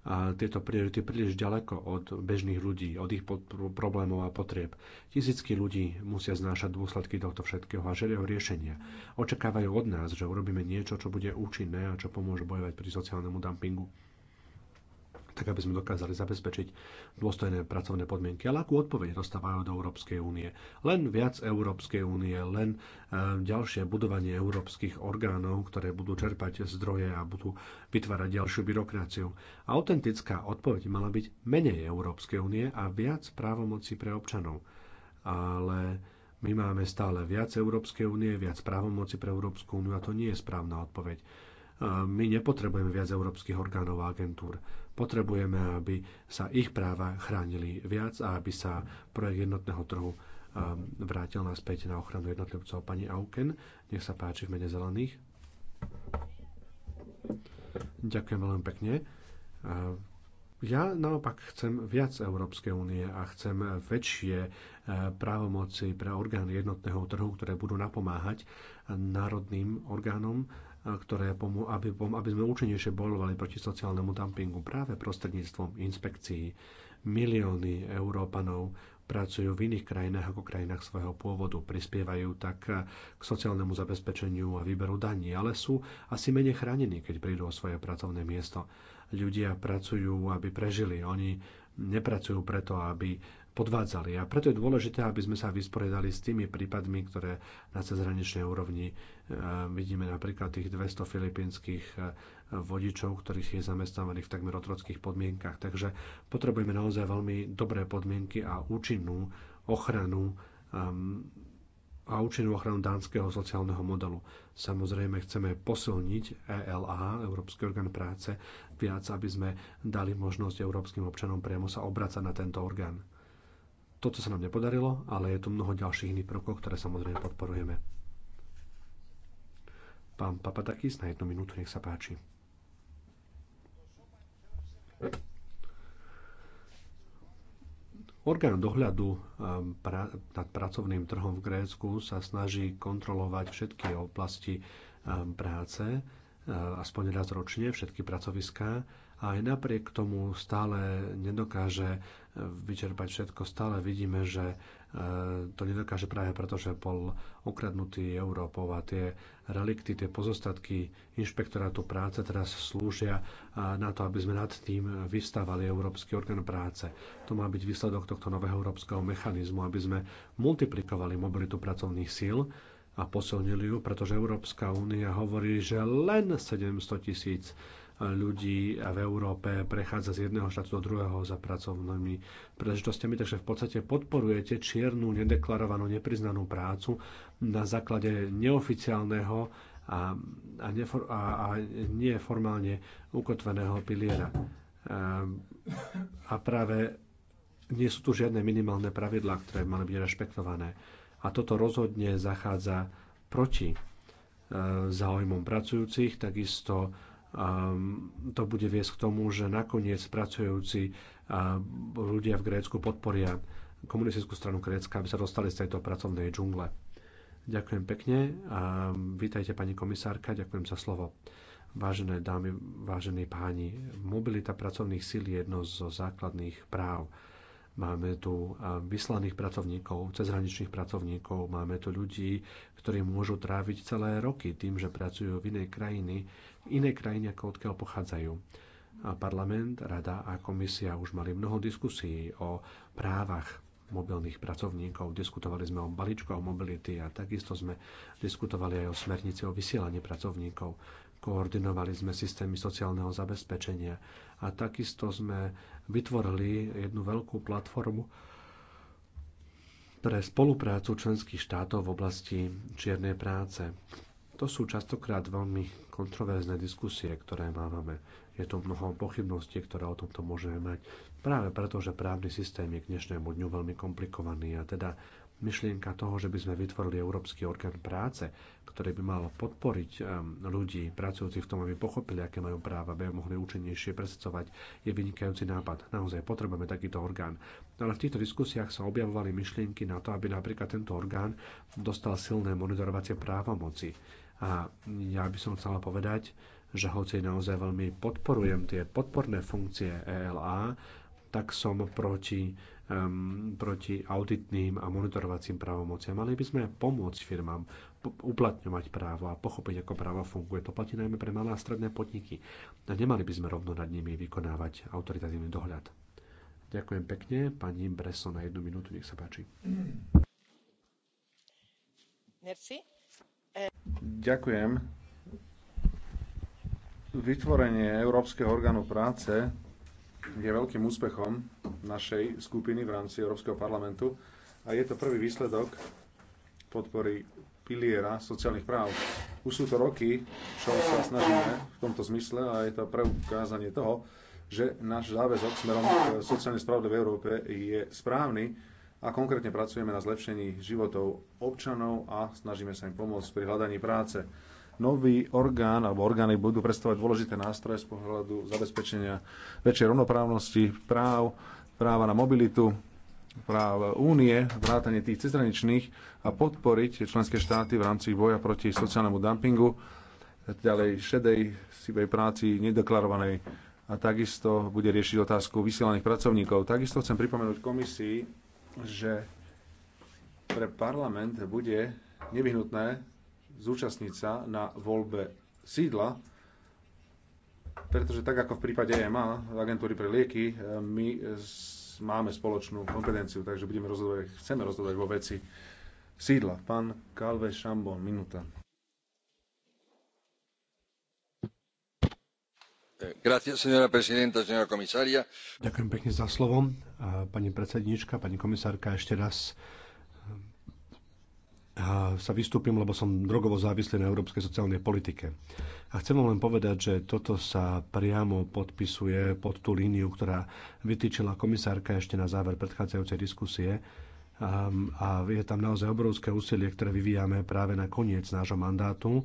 a eh, tieto priority príliš ďaleko od bežných ľudí, od ich problémov a potrieb. Tisícky ľudí musia znášať dôsledky tohto všetkého a želiajú riešenia. Očakávajú od nás, že urobíme niečo, čo bude účinné a čo pomôže bojovať pri sociálnemu dumpingu tak aby sme dokázali zabezpečiť dôstojné pracovné podmienky. Ale akú odpoveď dostávajú do Európskej únie? Len viac Európskej únie, len e, ďalšie budovanie európskych orgánov, ktoré budú čerpať zdroje a budú vytvárať ďalšiu byrokraciu. Autentická odpoveď mala byť menej Európskej únie a viac právomoci pre občanov. Ale my máme stále viac Európskej únie, viac právomoci pre Európsku úniu a to nie je správna odpoveď. E, my nepotrebujeme viac európskych orgánov a agentúr Potrebujeme, aby sa ich práva chránili viac a aby sa projekt jednotného trhu um, vrátil naspäť na ochranu jednotlivcov. Pani Auken, nech sa páči v mene zelených. Ďakujem veľmi pekne. Uh, ja naopak chcem viac Európskej únie a chcem väčšie uh, právomoci pre orgány jednotného trhu, ktoré budú napomáhať národným orgánom ktoré, aby, aby sme účinnejšie bojovali proti sociálnemu dumpingu práve prostredníctvom inspekcií. Milióny Európanov pracujú v iných krajinách ako krajinách svojho pôvodu, prispievajú tak k sociálnemu zabezpečeniu a výberu daní, ale sú asi menej chránení, keď prídu o svoje pracovné miesto. Ľudia pracujú, aby prežili, oni nepracujú preto, aby podvádzali. A preto je dôležité, aby sme sa vysporiadali s tými prípadmi, ktoré na cezhraničnej úrovni e, vidíme napríklad tých 200 filipínskych e, vodičov, ktorých je zamestnávaných v takmer otrockých podmienkach. Takže potrebujeme naozaj veľmi dobré podmienky a účinnú ochranu ehm, a účinnú ochranu dánskeho sociálneho modelu. Samozrejme chceme posilniť ELA, Európsky orgán práce, viac, aby sme dali možnosť európskym občanom priamo sa obracať na tento orgán. Toto sa nám nepodarilo, ale je tu mnoho ďalších iných prvkov, ktoré samozrejme podporujeme. Pán Papatakis, na jednu minútu, nech sa páči. Orgán dohľadu eh, nad pracovným trhom v Grécku sa snaží kontrolovať všetky oblasti eh, práce, eh, aspoň raz ročne, všetky pracoviská, a aj napriek tomu stále nedokáže vyčerpať všetko. Stále vidíme, že e, to nedokáže práve preto, že bol ukradnutý Európou a tie relikty, tie pozostatky inšpektorátu práce teraz slúžia e, na to, aby sme nad tým vystávali Európsky orgán práce. To má byť výsledok tohto nového európskeho mechanizmu, aby sme multiplikovali mobilitu pracovných síl a posilnili ju, pretože Európska únia hovorí, že len 700 tisíc ľudí v Európe prechádza z jedného štátu do druhého za pracovnými príležitostiami, takže v podstate podporujete čiernu, nedeklarovanú, nepriznanú prácu na základe neoficiálneho a, a, nefor, a, a neformálne ukotveného piliera. A, ehm, a práve nie sú tu žiadne minimálne pravidlá, ktoré mali byť rešpektované a toto rozhodne zachádza proti e, záujmom pracujúcich, takisto e, to bude viesť k tomu, že nakoniec pracujúci e, ľudia v Grécku podporia komunistickú stranu Grécka, aby sa dostali z tejto pracovnej džungle. Ďakujem pekne a vítajte pani komisárka, ďakujem za slovo. Vážené dámy, vážení páni, mobilita pracovných síl je jedno zo základných práv máme tu vyslaných pracovníkov, cezhraničných pracovníkov, máme tu ľudí, ktorí môžu tráviť celé roky tým, že pracujú v inej krajine, v inej krajine, ako odkiaľ pochádzajú. A parlament, rada a komisia už mali mnoho diskusí o právach mobilných pracovníkov. Diskutovali sme o balíčku o mobility a takisto sme diskutovali aj o smernici o vysielaní pracovníkov. Koordinovali sme systémy sociálneho zabezpečenia a takisto sme vytvorili jednu veľkú platformu pre spoluprácu členských štátov v oblasti čiernej práce. To sú častokrát veľmi kontroverzné diskusie, ktoré máme. Je tu mnoho pochybností, ktoré o tomto môžeme mať, práve preto, že právny systém je k dnešnému dňu veľmi komplikovaný a teda myšlienka toho, že by sme vytvorili Európsky orgán práce, ktorý by mal podporiť um, ľudí pracujúcich v tom, aby pochopili, aké majú práva, aby mohli účinnejšie presadzovať, je vynikajúci nápad. Naozaj potrebujeme takýto orgán. No ale v týchto diskusiách sa objavovali myšlienky na to, aby napríklad tento orgán dostal silné monitorovacie právomoci. A ja by som chcela povedať, že hoci naozaj veľmi podporujem tie podporné funkcie ELA, tak som proti Um, proti auditným a monitorovacím právomociam. Mali by sme pomôcť firmám uplatňovať právo a pochopiť, ako právo funguje. To platí najmä pre malé a stredné podniky. A nemali by sme rovno nad nimi vykonávať autoritatívny dohľad. Ďakujem pekne. Pani Breso na jednu minútu, nech sa páči. Merci. Ďakujem. Vytvorenie Európskeho orgánu práce je veľkým úspechom našej skupiny v rámci Európskeho parlamentu a je to prvý výsledok podpory piliera sociálnych práv. Už sú to roky, čo sa snažíme v tomto zmysle a je to preukázanie toho, že náš záväzok smerom k sociálnej správde v Európe je správny a konkrétne pracujeme na zlepšení životov občanov a snažíme sa im pomôcť pri hľadaní práce nový orgán alebo orgány budú predstavovať dôležité nástroje z pohľadu zabezpečenia väčšej rovnoprávnosti práv, práva na mobilitu, práv únie, vrátanie tých cezhraničných a podporiť členské štáty v rámci boja proti sociálnemu dumpingu, ďalej šedej, sivej práci, nedeklarovanej a takisto bude riešiť otázku vysielaných pracovníkov. Takisto chcem pripomenúť komisii, že pre parlament bude nevyhnutné zúčastniť sa na voľbe sídla, pretože tak ako v prípade EMA, agentúry pre lieky, e, my máme spoločnú kompetenciu, takže budeme rozhodovať, chceme rozhodovať vo veci sídla. Pán Kalve Šambon, minúta. Ďakujem pekne za slovo. Pani predsednička, pani komisárka, ešte raz sa vystúpim, lebo som drogovo závislý na európskej sociálnej politike. A chcem vám len povedať, že toto sa priamo podpisuje pod tú líniu, ktorá vytýčila komisárka ešte na záver predchádzajúcej diskusie. A je tam naozaj obrovské úsilie, ktoré vyvíjame práve na koniec nášho mandátu.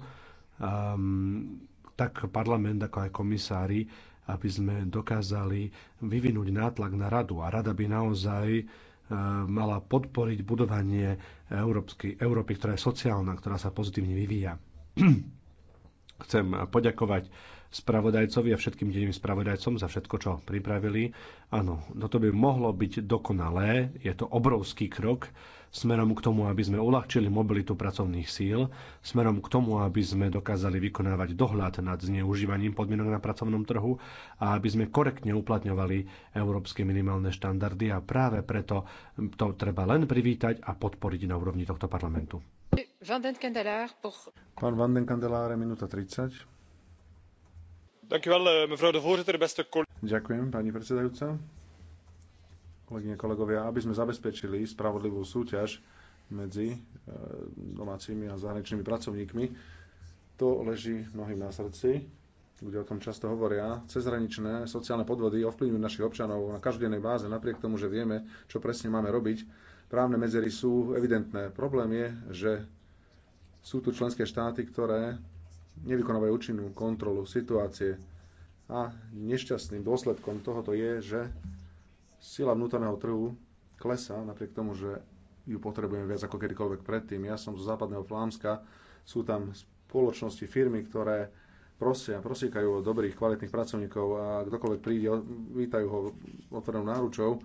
Tak parlament, ako aj komisári, aby sme dokázali vyvinúť nátlak na radu. A rada by naozaj Eh, mala podporiť budovanie Európsky, Európy, ktorá je sociálna, ktorá sa pozitívne vyvíja. Chcem poďakovať spravodajcovi a všetkým deným spravodajcom za všetko, čo pripravili. Áno, to by mohlo byť dokonalé, je to obrovský krok smerom k tomu, aby sme uľahčili mobilitu pracovných síl, smerom k tomu, aby sme dokázali vykonávať dohľad nad zneužívaním podmienok na pracovnom trhu a aby sme korektne uplatňovali európske minimálne štandardy a práve preto to treba len privítať a podporiť na úrovni tohto parlamentu. Pán Van den minúta 30. Eh, Ďakujem, pani predsedajúca. Kolegyne, kolegovia, aby sme zabezpečili spravodlivú súťaž medzi eh, domácimi a zahraničnými pracovníkmi, to leží mnohým na srdci. Ľudia o tom často hovoria. Cezhraničné sociálne podvody ovplyvňujú našich občanov na každodennej báze, napriek tomu, že vieme, čo presne máme robiť. Právne medzery sú evidentné. Problém je, že sú tu členské štáty, ktoré nevykonávajú účinnú kontrolu situácie. A nešťastným dôsledkom tohoto je, že sila vnútorného trhu klesá, napriek tomu, že ju potrebujeme viac ako kedykoľvek predtým. Ja som zo západného Flámska, sú tam spoločnosti, firmy, ktoré prosia, prosíkajú o dobrých, kvalitných pracovníkov a kdokoľvek príde, vítajú ho otvorenou náručou.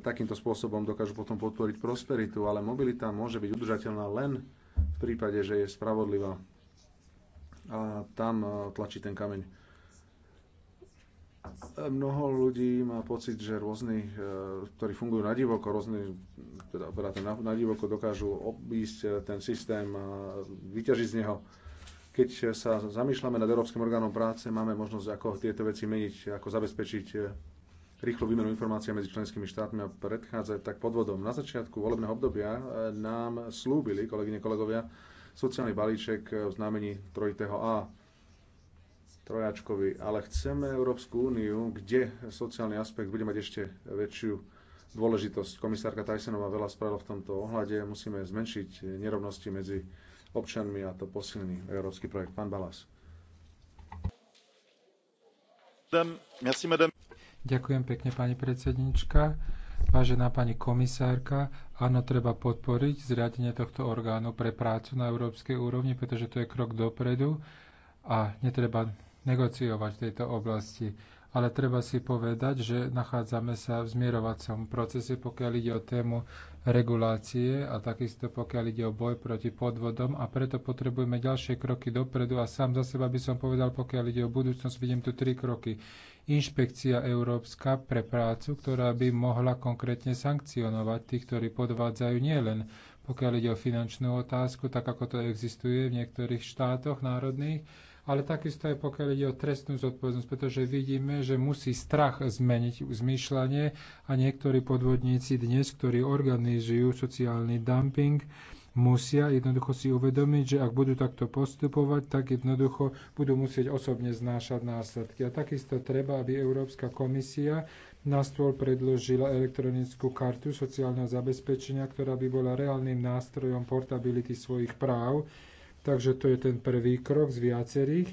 Takýmto spôsobom dokážu potom podporiť prosperitu, ale mobilita môže byť udržateľná len v prípade, že je spravodlivá a tam e, tlačí ten kameň. E, mnoho ľudí má pocit, že rôzni, e, ktorí fungujú na divoko, rôzni, teda, teda na, na divoko dokážu obísť ten systém a vyťažiť z neho. Keď sa zamýšľame nad Európskym orgánom práce, máme možnosť, ako tieto veci meniť, ako zabezpečiť rýchlu výmenu informácií medzi členskými štátmi a predchádzať tak podvodom. Na začiatku volebného obdobia nám slúbili, kolegyne, kolegovia, sociálny balíček v eh, znamení trojitého A, trojačkovi, ale chceme Európsku úniu, kde sociálny aspekt bude mať ešte väčšiu dôležitosť. Komisárka Tysonová veľa spravila v tomto ohľade. Musíme zmenšiť nerovnosti medzi občanmi a to posilný európsky projekt. Pán Balas. Ďakujem pekne, pani predsednička. Vážená pani komisárka, áno, treba podporiť zriadenie tohto orgánu pre prácu na európskej úrovni, pretože to je krok dopredu a netreba negociovať v tejto oblasti. Ale treba si povedať, že nachádzame sa v zmierovacom procese, pokiaľ ide o tému regulácie a takisto pokiaľ ide o boj proti podvodom a preto potrebujeme ďalšie kroky dopredu a sám za seba by som povedal, pokiaľ ide o budúcnosť, vidím tu tri kroky inšpekcia európska pre prácu, ktorá by mohla konkrétne sankcionovať tých, ktorí podvádzajú nielen pokiaľ ide o finančnú otázku, tak ako to existuje v niektorých štátoch národných, ale takisto aj pokiaľ ide o trestnú zodpovednosť, pretože vidíme, že musí strach zmeniť zmýšľanie a niektorí podvodníci dnes, ktorí organizujú sociálny dumping, musia jednoducho si uvedomiť, že ak budú takto postupovať, tak jednoducho budú musieť osobne znášať následky. A takisto treba, aby Európska komisia na stôl predložila elektronickú kartu sociálneho zabezpečenia, ktorá by bola reálnym nástrojom portability svojich práv. Takže to je ten prvý krok z viacerých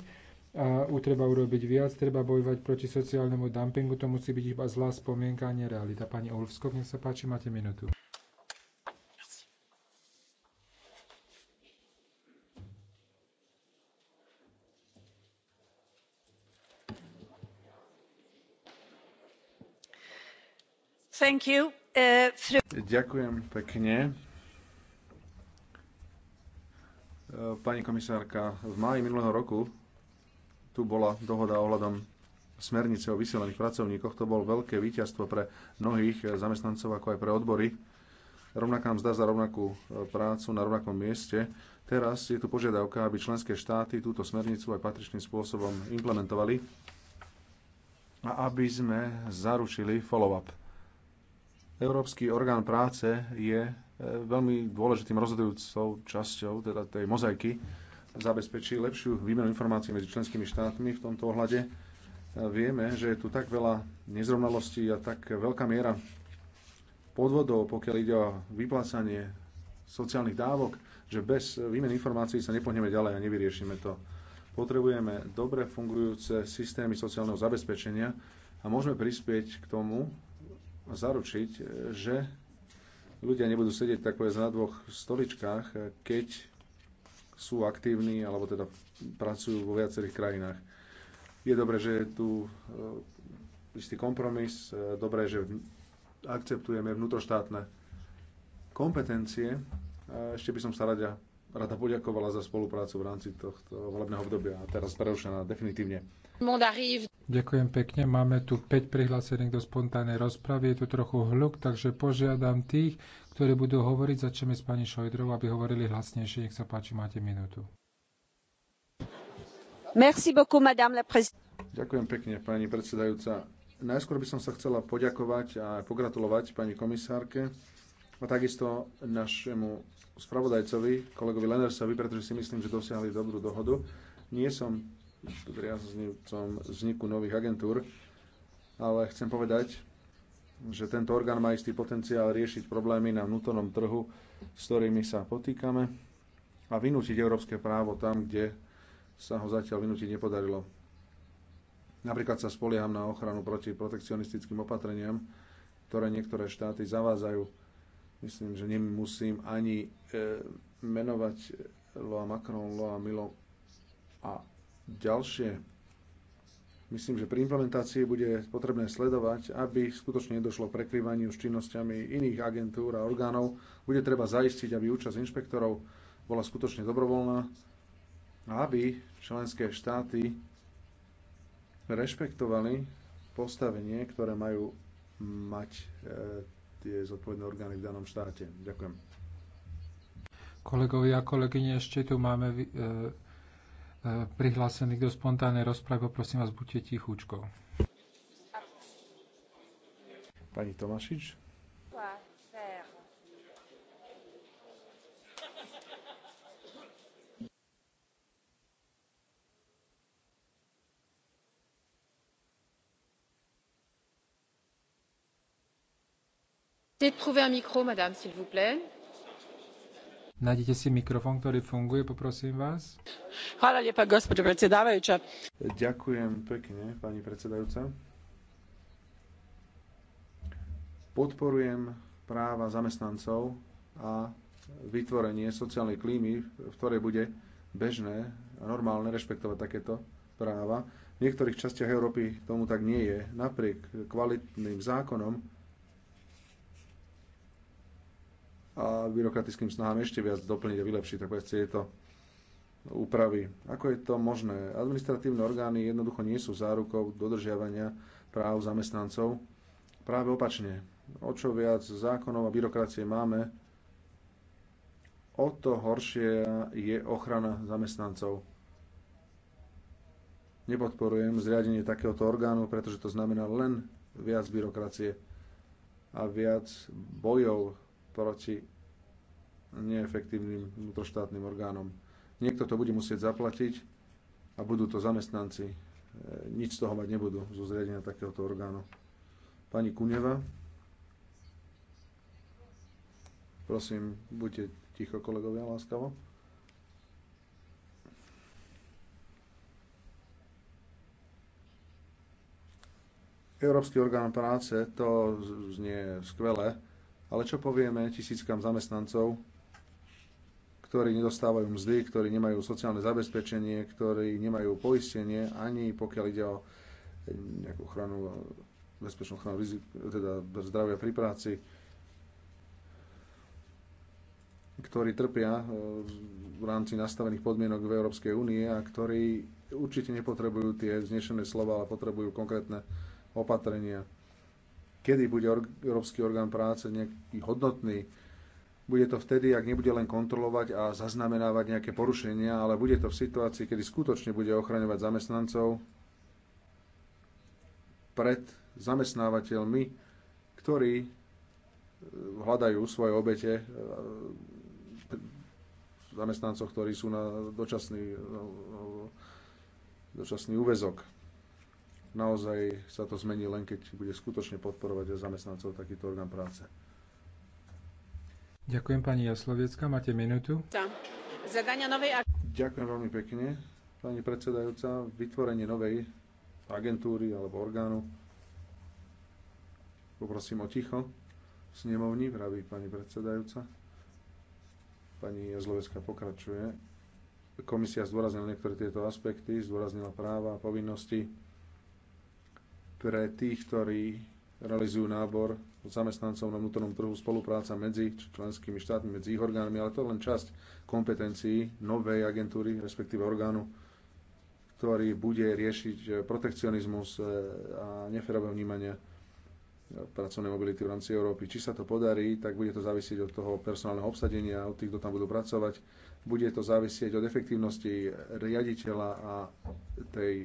a u treba urobiť viac, treba bojovať proti sociálnemu dumpingu, to musí byť iba zlá spomienka a nerealita. Pani Olfskov, nech sa páči, máte minútu. Uh, Ďakujem pekne. E, pani komisárka, v máji minulého roku tu bola dohoda ohľadom smernice o vysielaných pracovníkoch. To bol veľké víťazstvo pre mnohých zamestnancov, ako aj pre odbory. Rovnaká mzda za rovnakú e, prácu na rovnakom mieste. Teraz je tu požiadavka, aby členské štáty túto smernicu aj patričným spôsobom implementovali a aby sme zarušili follow-up Európsky orgán práce je e, veľmi dôležitým rozhodujúcou časťou teda tej mozaiky. Zabezpečí lepšiu výmenu informácií medzi členskými štátmi v tomto ohľade. E, vieme, že je tu tak veľa nezrovnalostí a tak veľká miera podvodov, pokiaľ ide o vyplácanie sociálnych dávok, že bez výmeny informácií sa nepohneme ďalej a nevyriešime to. Potrebujeme dobre fungujúce systémy sociálneho zabezpečenia a môžeme prispieť k tomu, zaručiť, e, že ľudia nebudú sedieť takové na dvoch stoličkách, e, keď sú aktívni alebo teda pracujú vo viacerých krajinách. Je dobré, že je tu e, istý kompromis, dobré, že akceptujeme vnútroštátne kompetencie. Ešte by som sa rada, rada poďakovala za spoluprácu v rámci tohto volebného obdobia a teraz prerušená definitívne. Ďakujem pekne. Máme tu 5 prihlásených do spontánnej rozpravy. Je tu trochu hľuk, takže požiadam tých, ktorí budú hovoriť, začneme s pani Šojdrov, aby hovorili hlasnejšie. Nech sa páči, máte minútu. Merci beaucoup, madame la présidente. Ďakujem pekne, pani predsedajúca. Najskôr by som sa chcela poďakovať a pogratulovať pani komisárke a takisto našemu spravodajcovi, kolegovi Lenersovi, pretože si myslím, že dosiahli dobrú dohodu. Nie som priaznivcom vzniku nových agentúr, ale chcem povedať, že tento orgán má istý potenciál riešiť problémy na vnútornom trhu, s ktorými sa potýkame a vynútiť európske právo tam, kde sa ho zatiaľ vynútiť nepodarilo. Napríklad sa spolieham na ochranu proti protekcionistickým opatreniam, ktoré niektoré štáty zavádzajú. Myslím, že nemusím ani e, menovať Loa Macron, Loa Milo a Ďalšie, myslím, že pri implementácii bude potrebné sledovať, aby skutočne nedošlo k prekrývaniu s činnosťami iných agentúr a orgánov. Bude treba zaistiť, aby účasť inšpektorov bola skutočne dobrovoľná a aby členské štáty rešpektovali postavenie, ktoré majú mať e, tie zodpovedné orgány v danom štáte. Ďakujem. Kolegovia a kolegyne, ešte tu máme e, E, prihlásených do spontánnej rozpravy. Prosím vás, buďte tichúčko. Pani Tomašič. Essayez trouver un micro, madame, s'il vous plaît. Nájdete si mikrofón, ktorý funguje, poprosím vás. Hvala lepa, gospođo predsedavajuća. Ďakujem pekne, pani predsedajúca. Podporujem práva zamestnancov a vytvorenie sociálnej klímy, v ktorej bude bežné a normálne rešpektovať takéto práva. V niektorých častiach Európy tomu tak nie je. Napriek kvalitným zákonom a byrokratickým snahám ešte viac doplniť a vylepšiť, tak povedzte, je to úpravy. Ako je to možné? Administratívne orgány jednoducho nie sú zárukou dodržiavania práv zamestnancov. Práve opačne. O čo viac zákonov a byrokracie máme, o to horšie je ochrana zamestnancov. Nepodporujem zriadenie takéhoto orgánu, pretože to znamená len viac byrokracie a viac bojov proti neefektívnym vnútroštátnym orgánom. Niekto to bude musieť zaplatiť a budú to zamestnanci. E, nič z toho mať nebudú zo zriadenia takéhoto orgánu. Pani Kuneva. Prosím, buďte ticho, kolegovia, láskavo. Európsky orgán práce, to znie skvelé, ale čo povieme tisíckam zamestnancov, ktorí nedostávajú mzdy, ktorí nemajú sociálne zabezpečenie, ktorí nemajú poistenie, ani pokiaľ ide o eh, nejakú ochranu, bezpečnú ochranu rizik, teda zdravia pri práci, ktorí trpia eh, v rámci nastavených podmienok v Európskej únie a ktorí určite nepotrebujú tie znešené slova, ale potrebujú konkrétne opatrenia kedy bude Európsky orgán práce nejaký hodnotný. Bude to vtedy, ak nebude len kontrolovať a zaznamenávať nejaké porušenia, ale bude to v situácii, kedy skutočne bude ochraňovať zamestnancov pred zamestnávateľmi, ktorí e, hľadajú svoje obete e, zamestnancov, ktorí sú na dočasný, e, dočasný úvezok naozaj sa to zmení len, keď bude skutočne podporovať zamestnancov takýto orgán práce. Ďakujem pani Jasloviecka, máte minútu. Zadania novej... Ďakujem veľmi pekne, pani predsedajúca. Vytvorenie novej agentúry alebo orgánu. Poprosím o ticho v snemovni, vraví pani predsedajúca. Pani Jazlovecka pokračuje. Komisia zdôraznila niektoré tieto aspekty, zdôraznila práva a povinnosti pre tých, ktorí realizujú nábor zamestnancov na vnútornom trhu, spolupráca medzi členskými štátmi, medzi ich orgánmi, ale to je len časť kompetencií novej agentúry, respektíve orgánu, ktorý bude riešiť eh, protekcionizmus eh, a neferové vnímanie eh, pracovnej mobility v rámci Európy. Či sa to podarí, tak bude to závisieť od toho personálneho obsadenia, od tých, kto tam budú pracovať. Bude to závisieť od efektívnosti riaditeľa a tej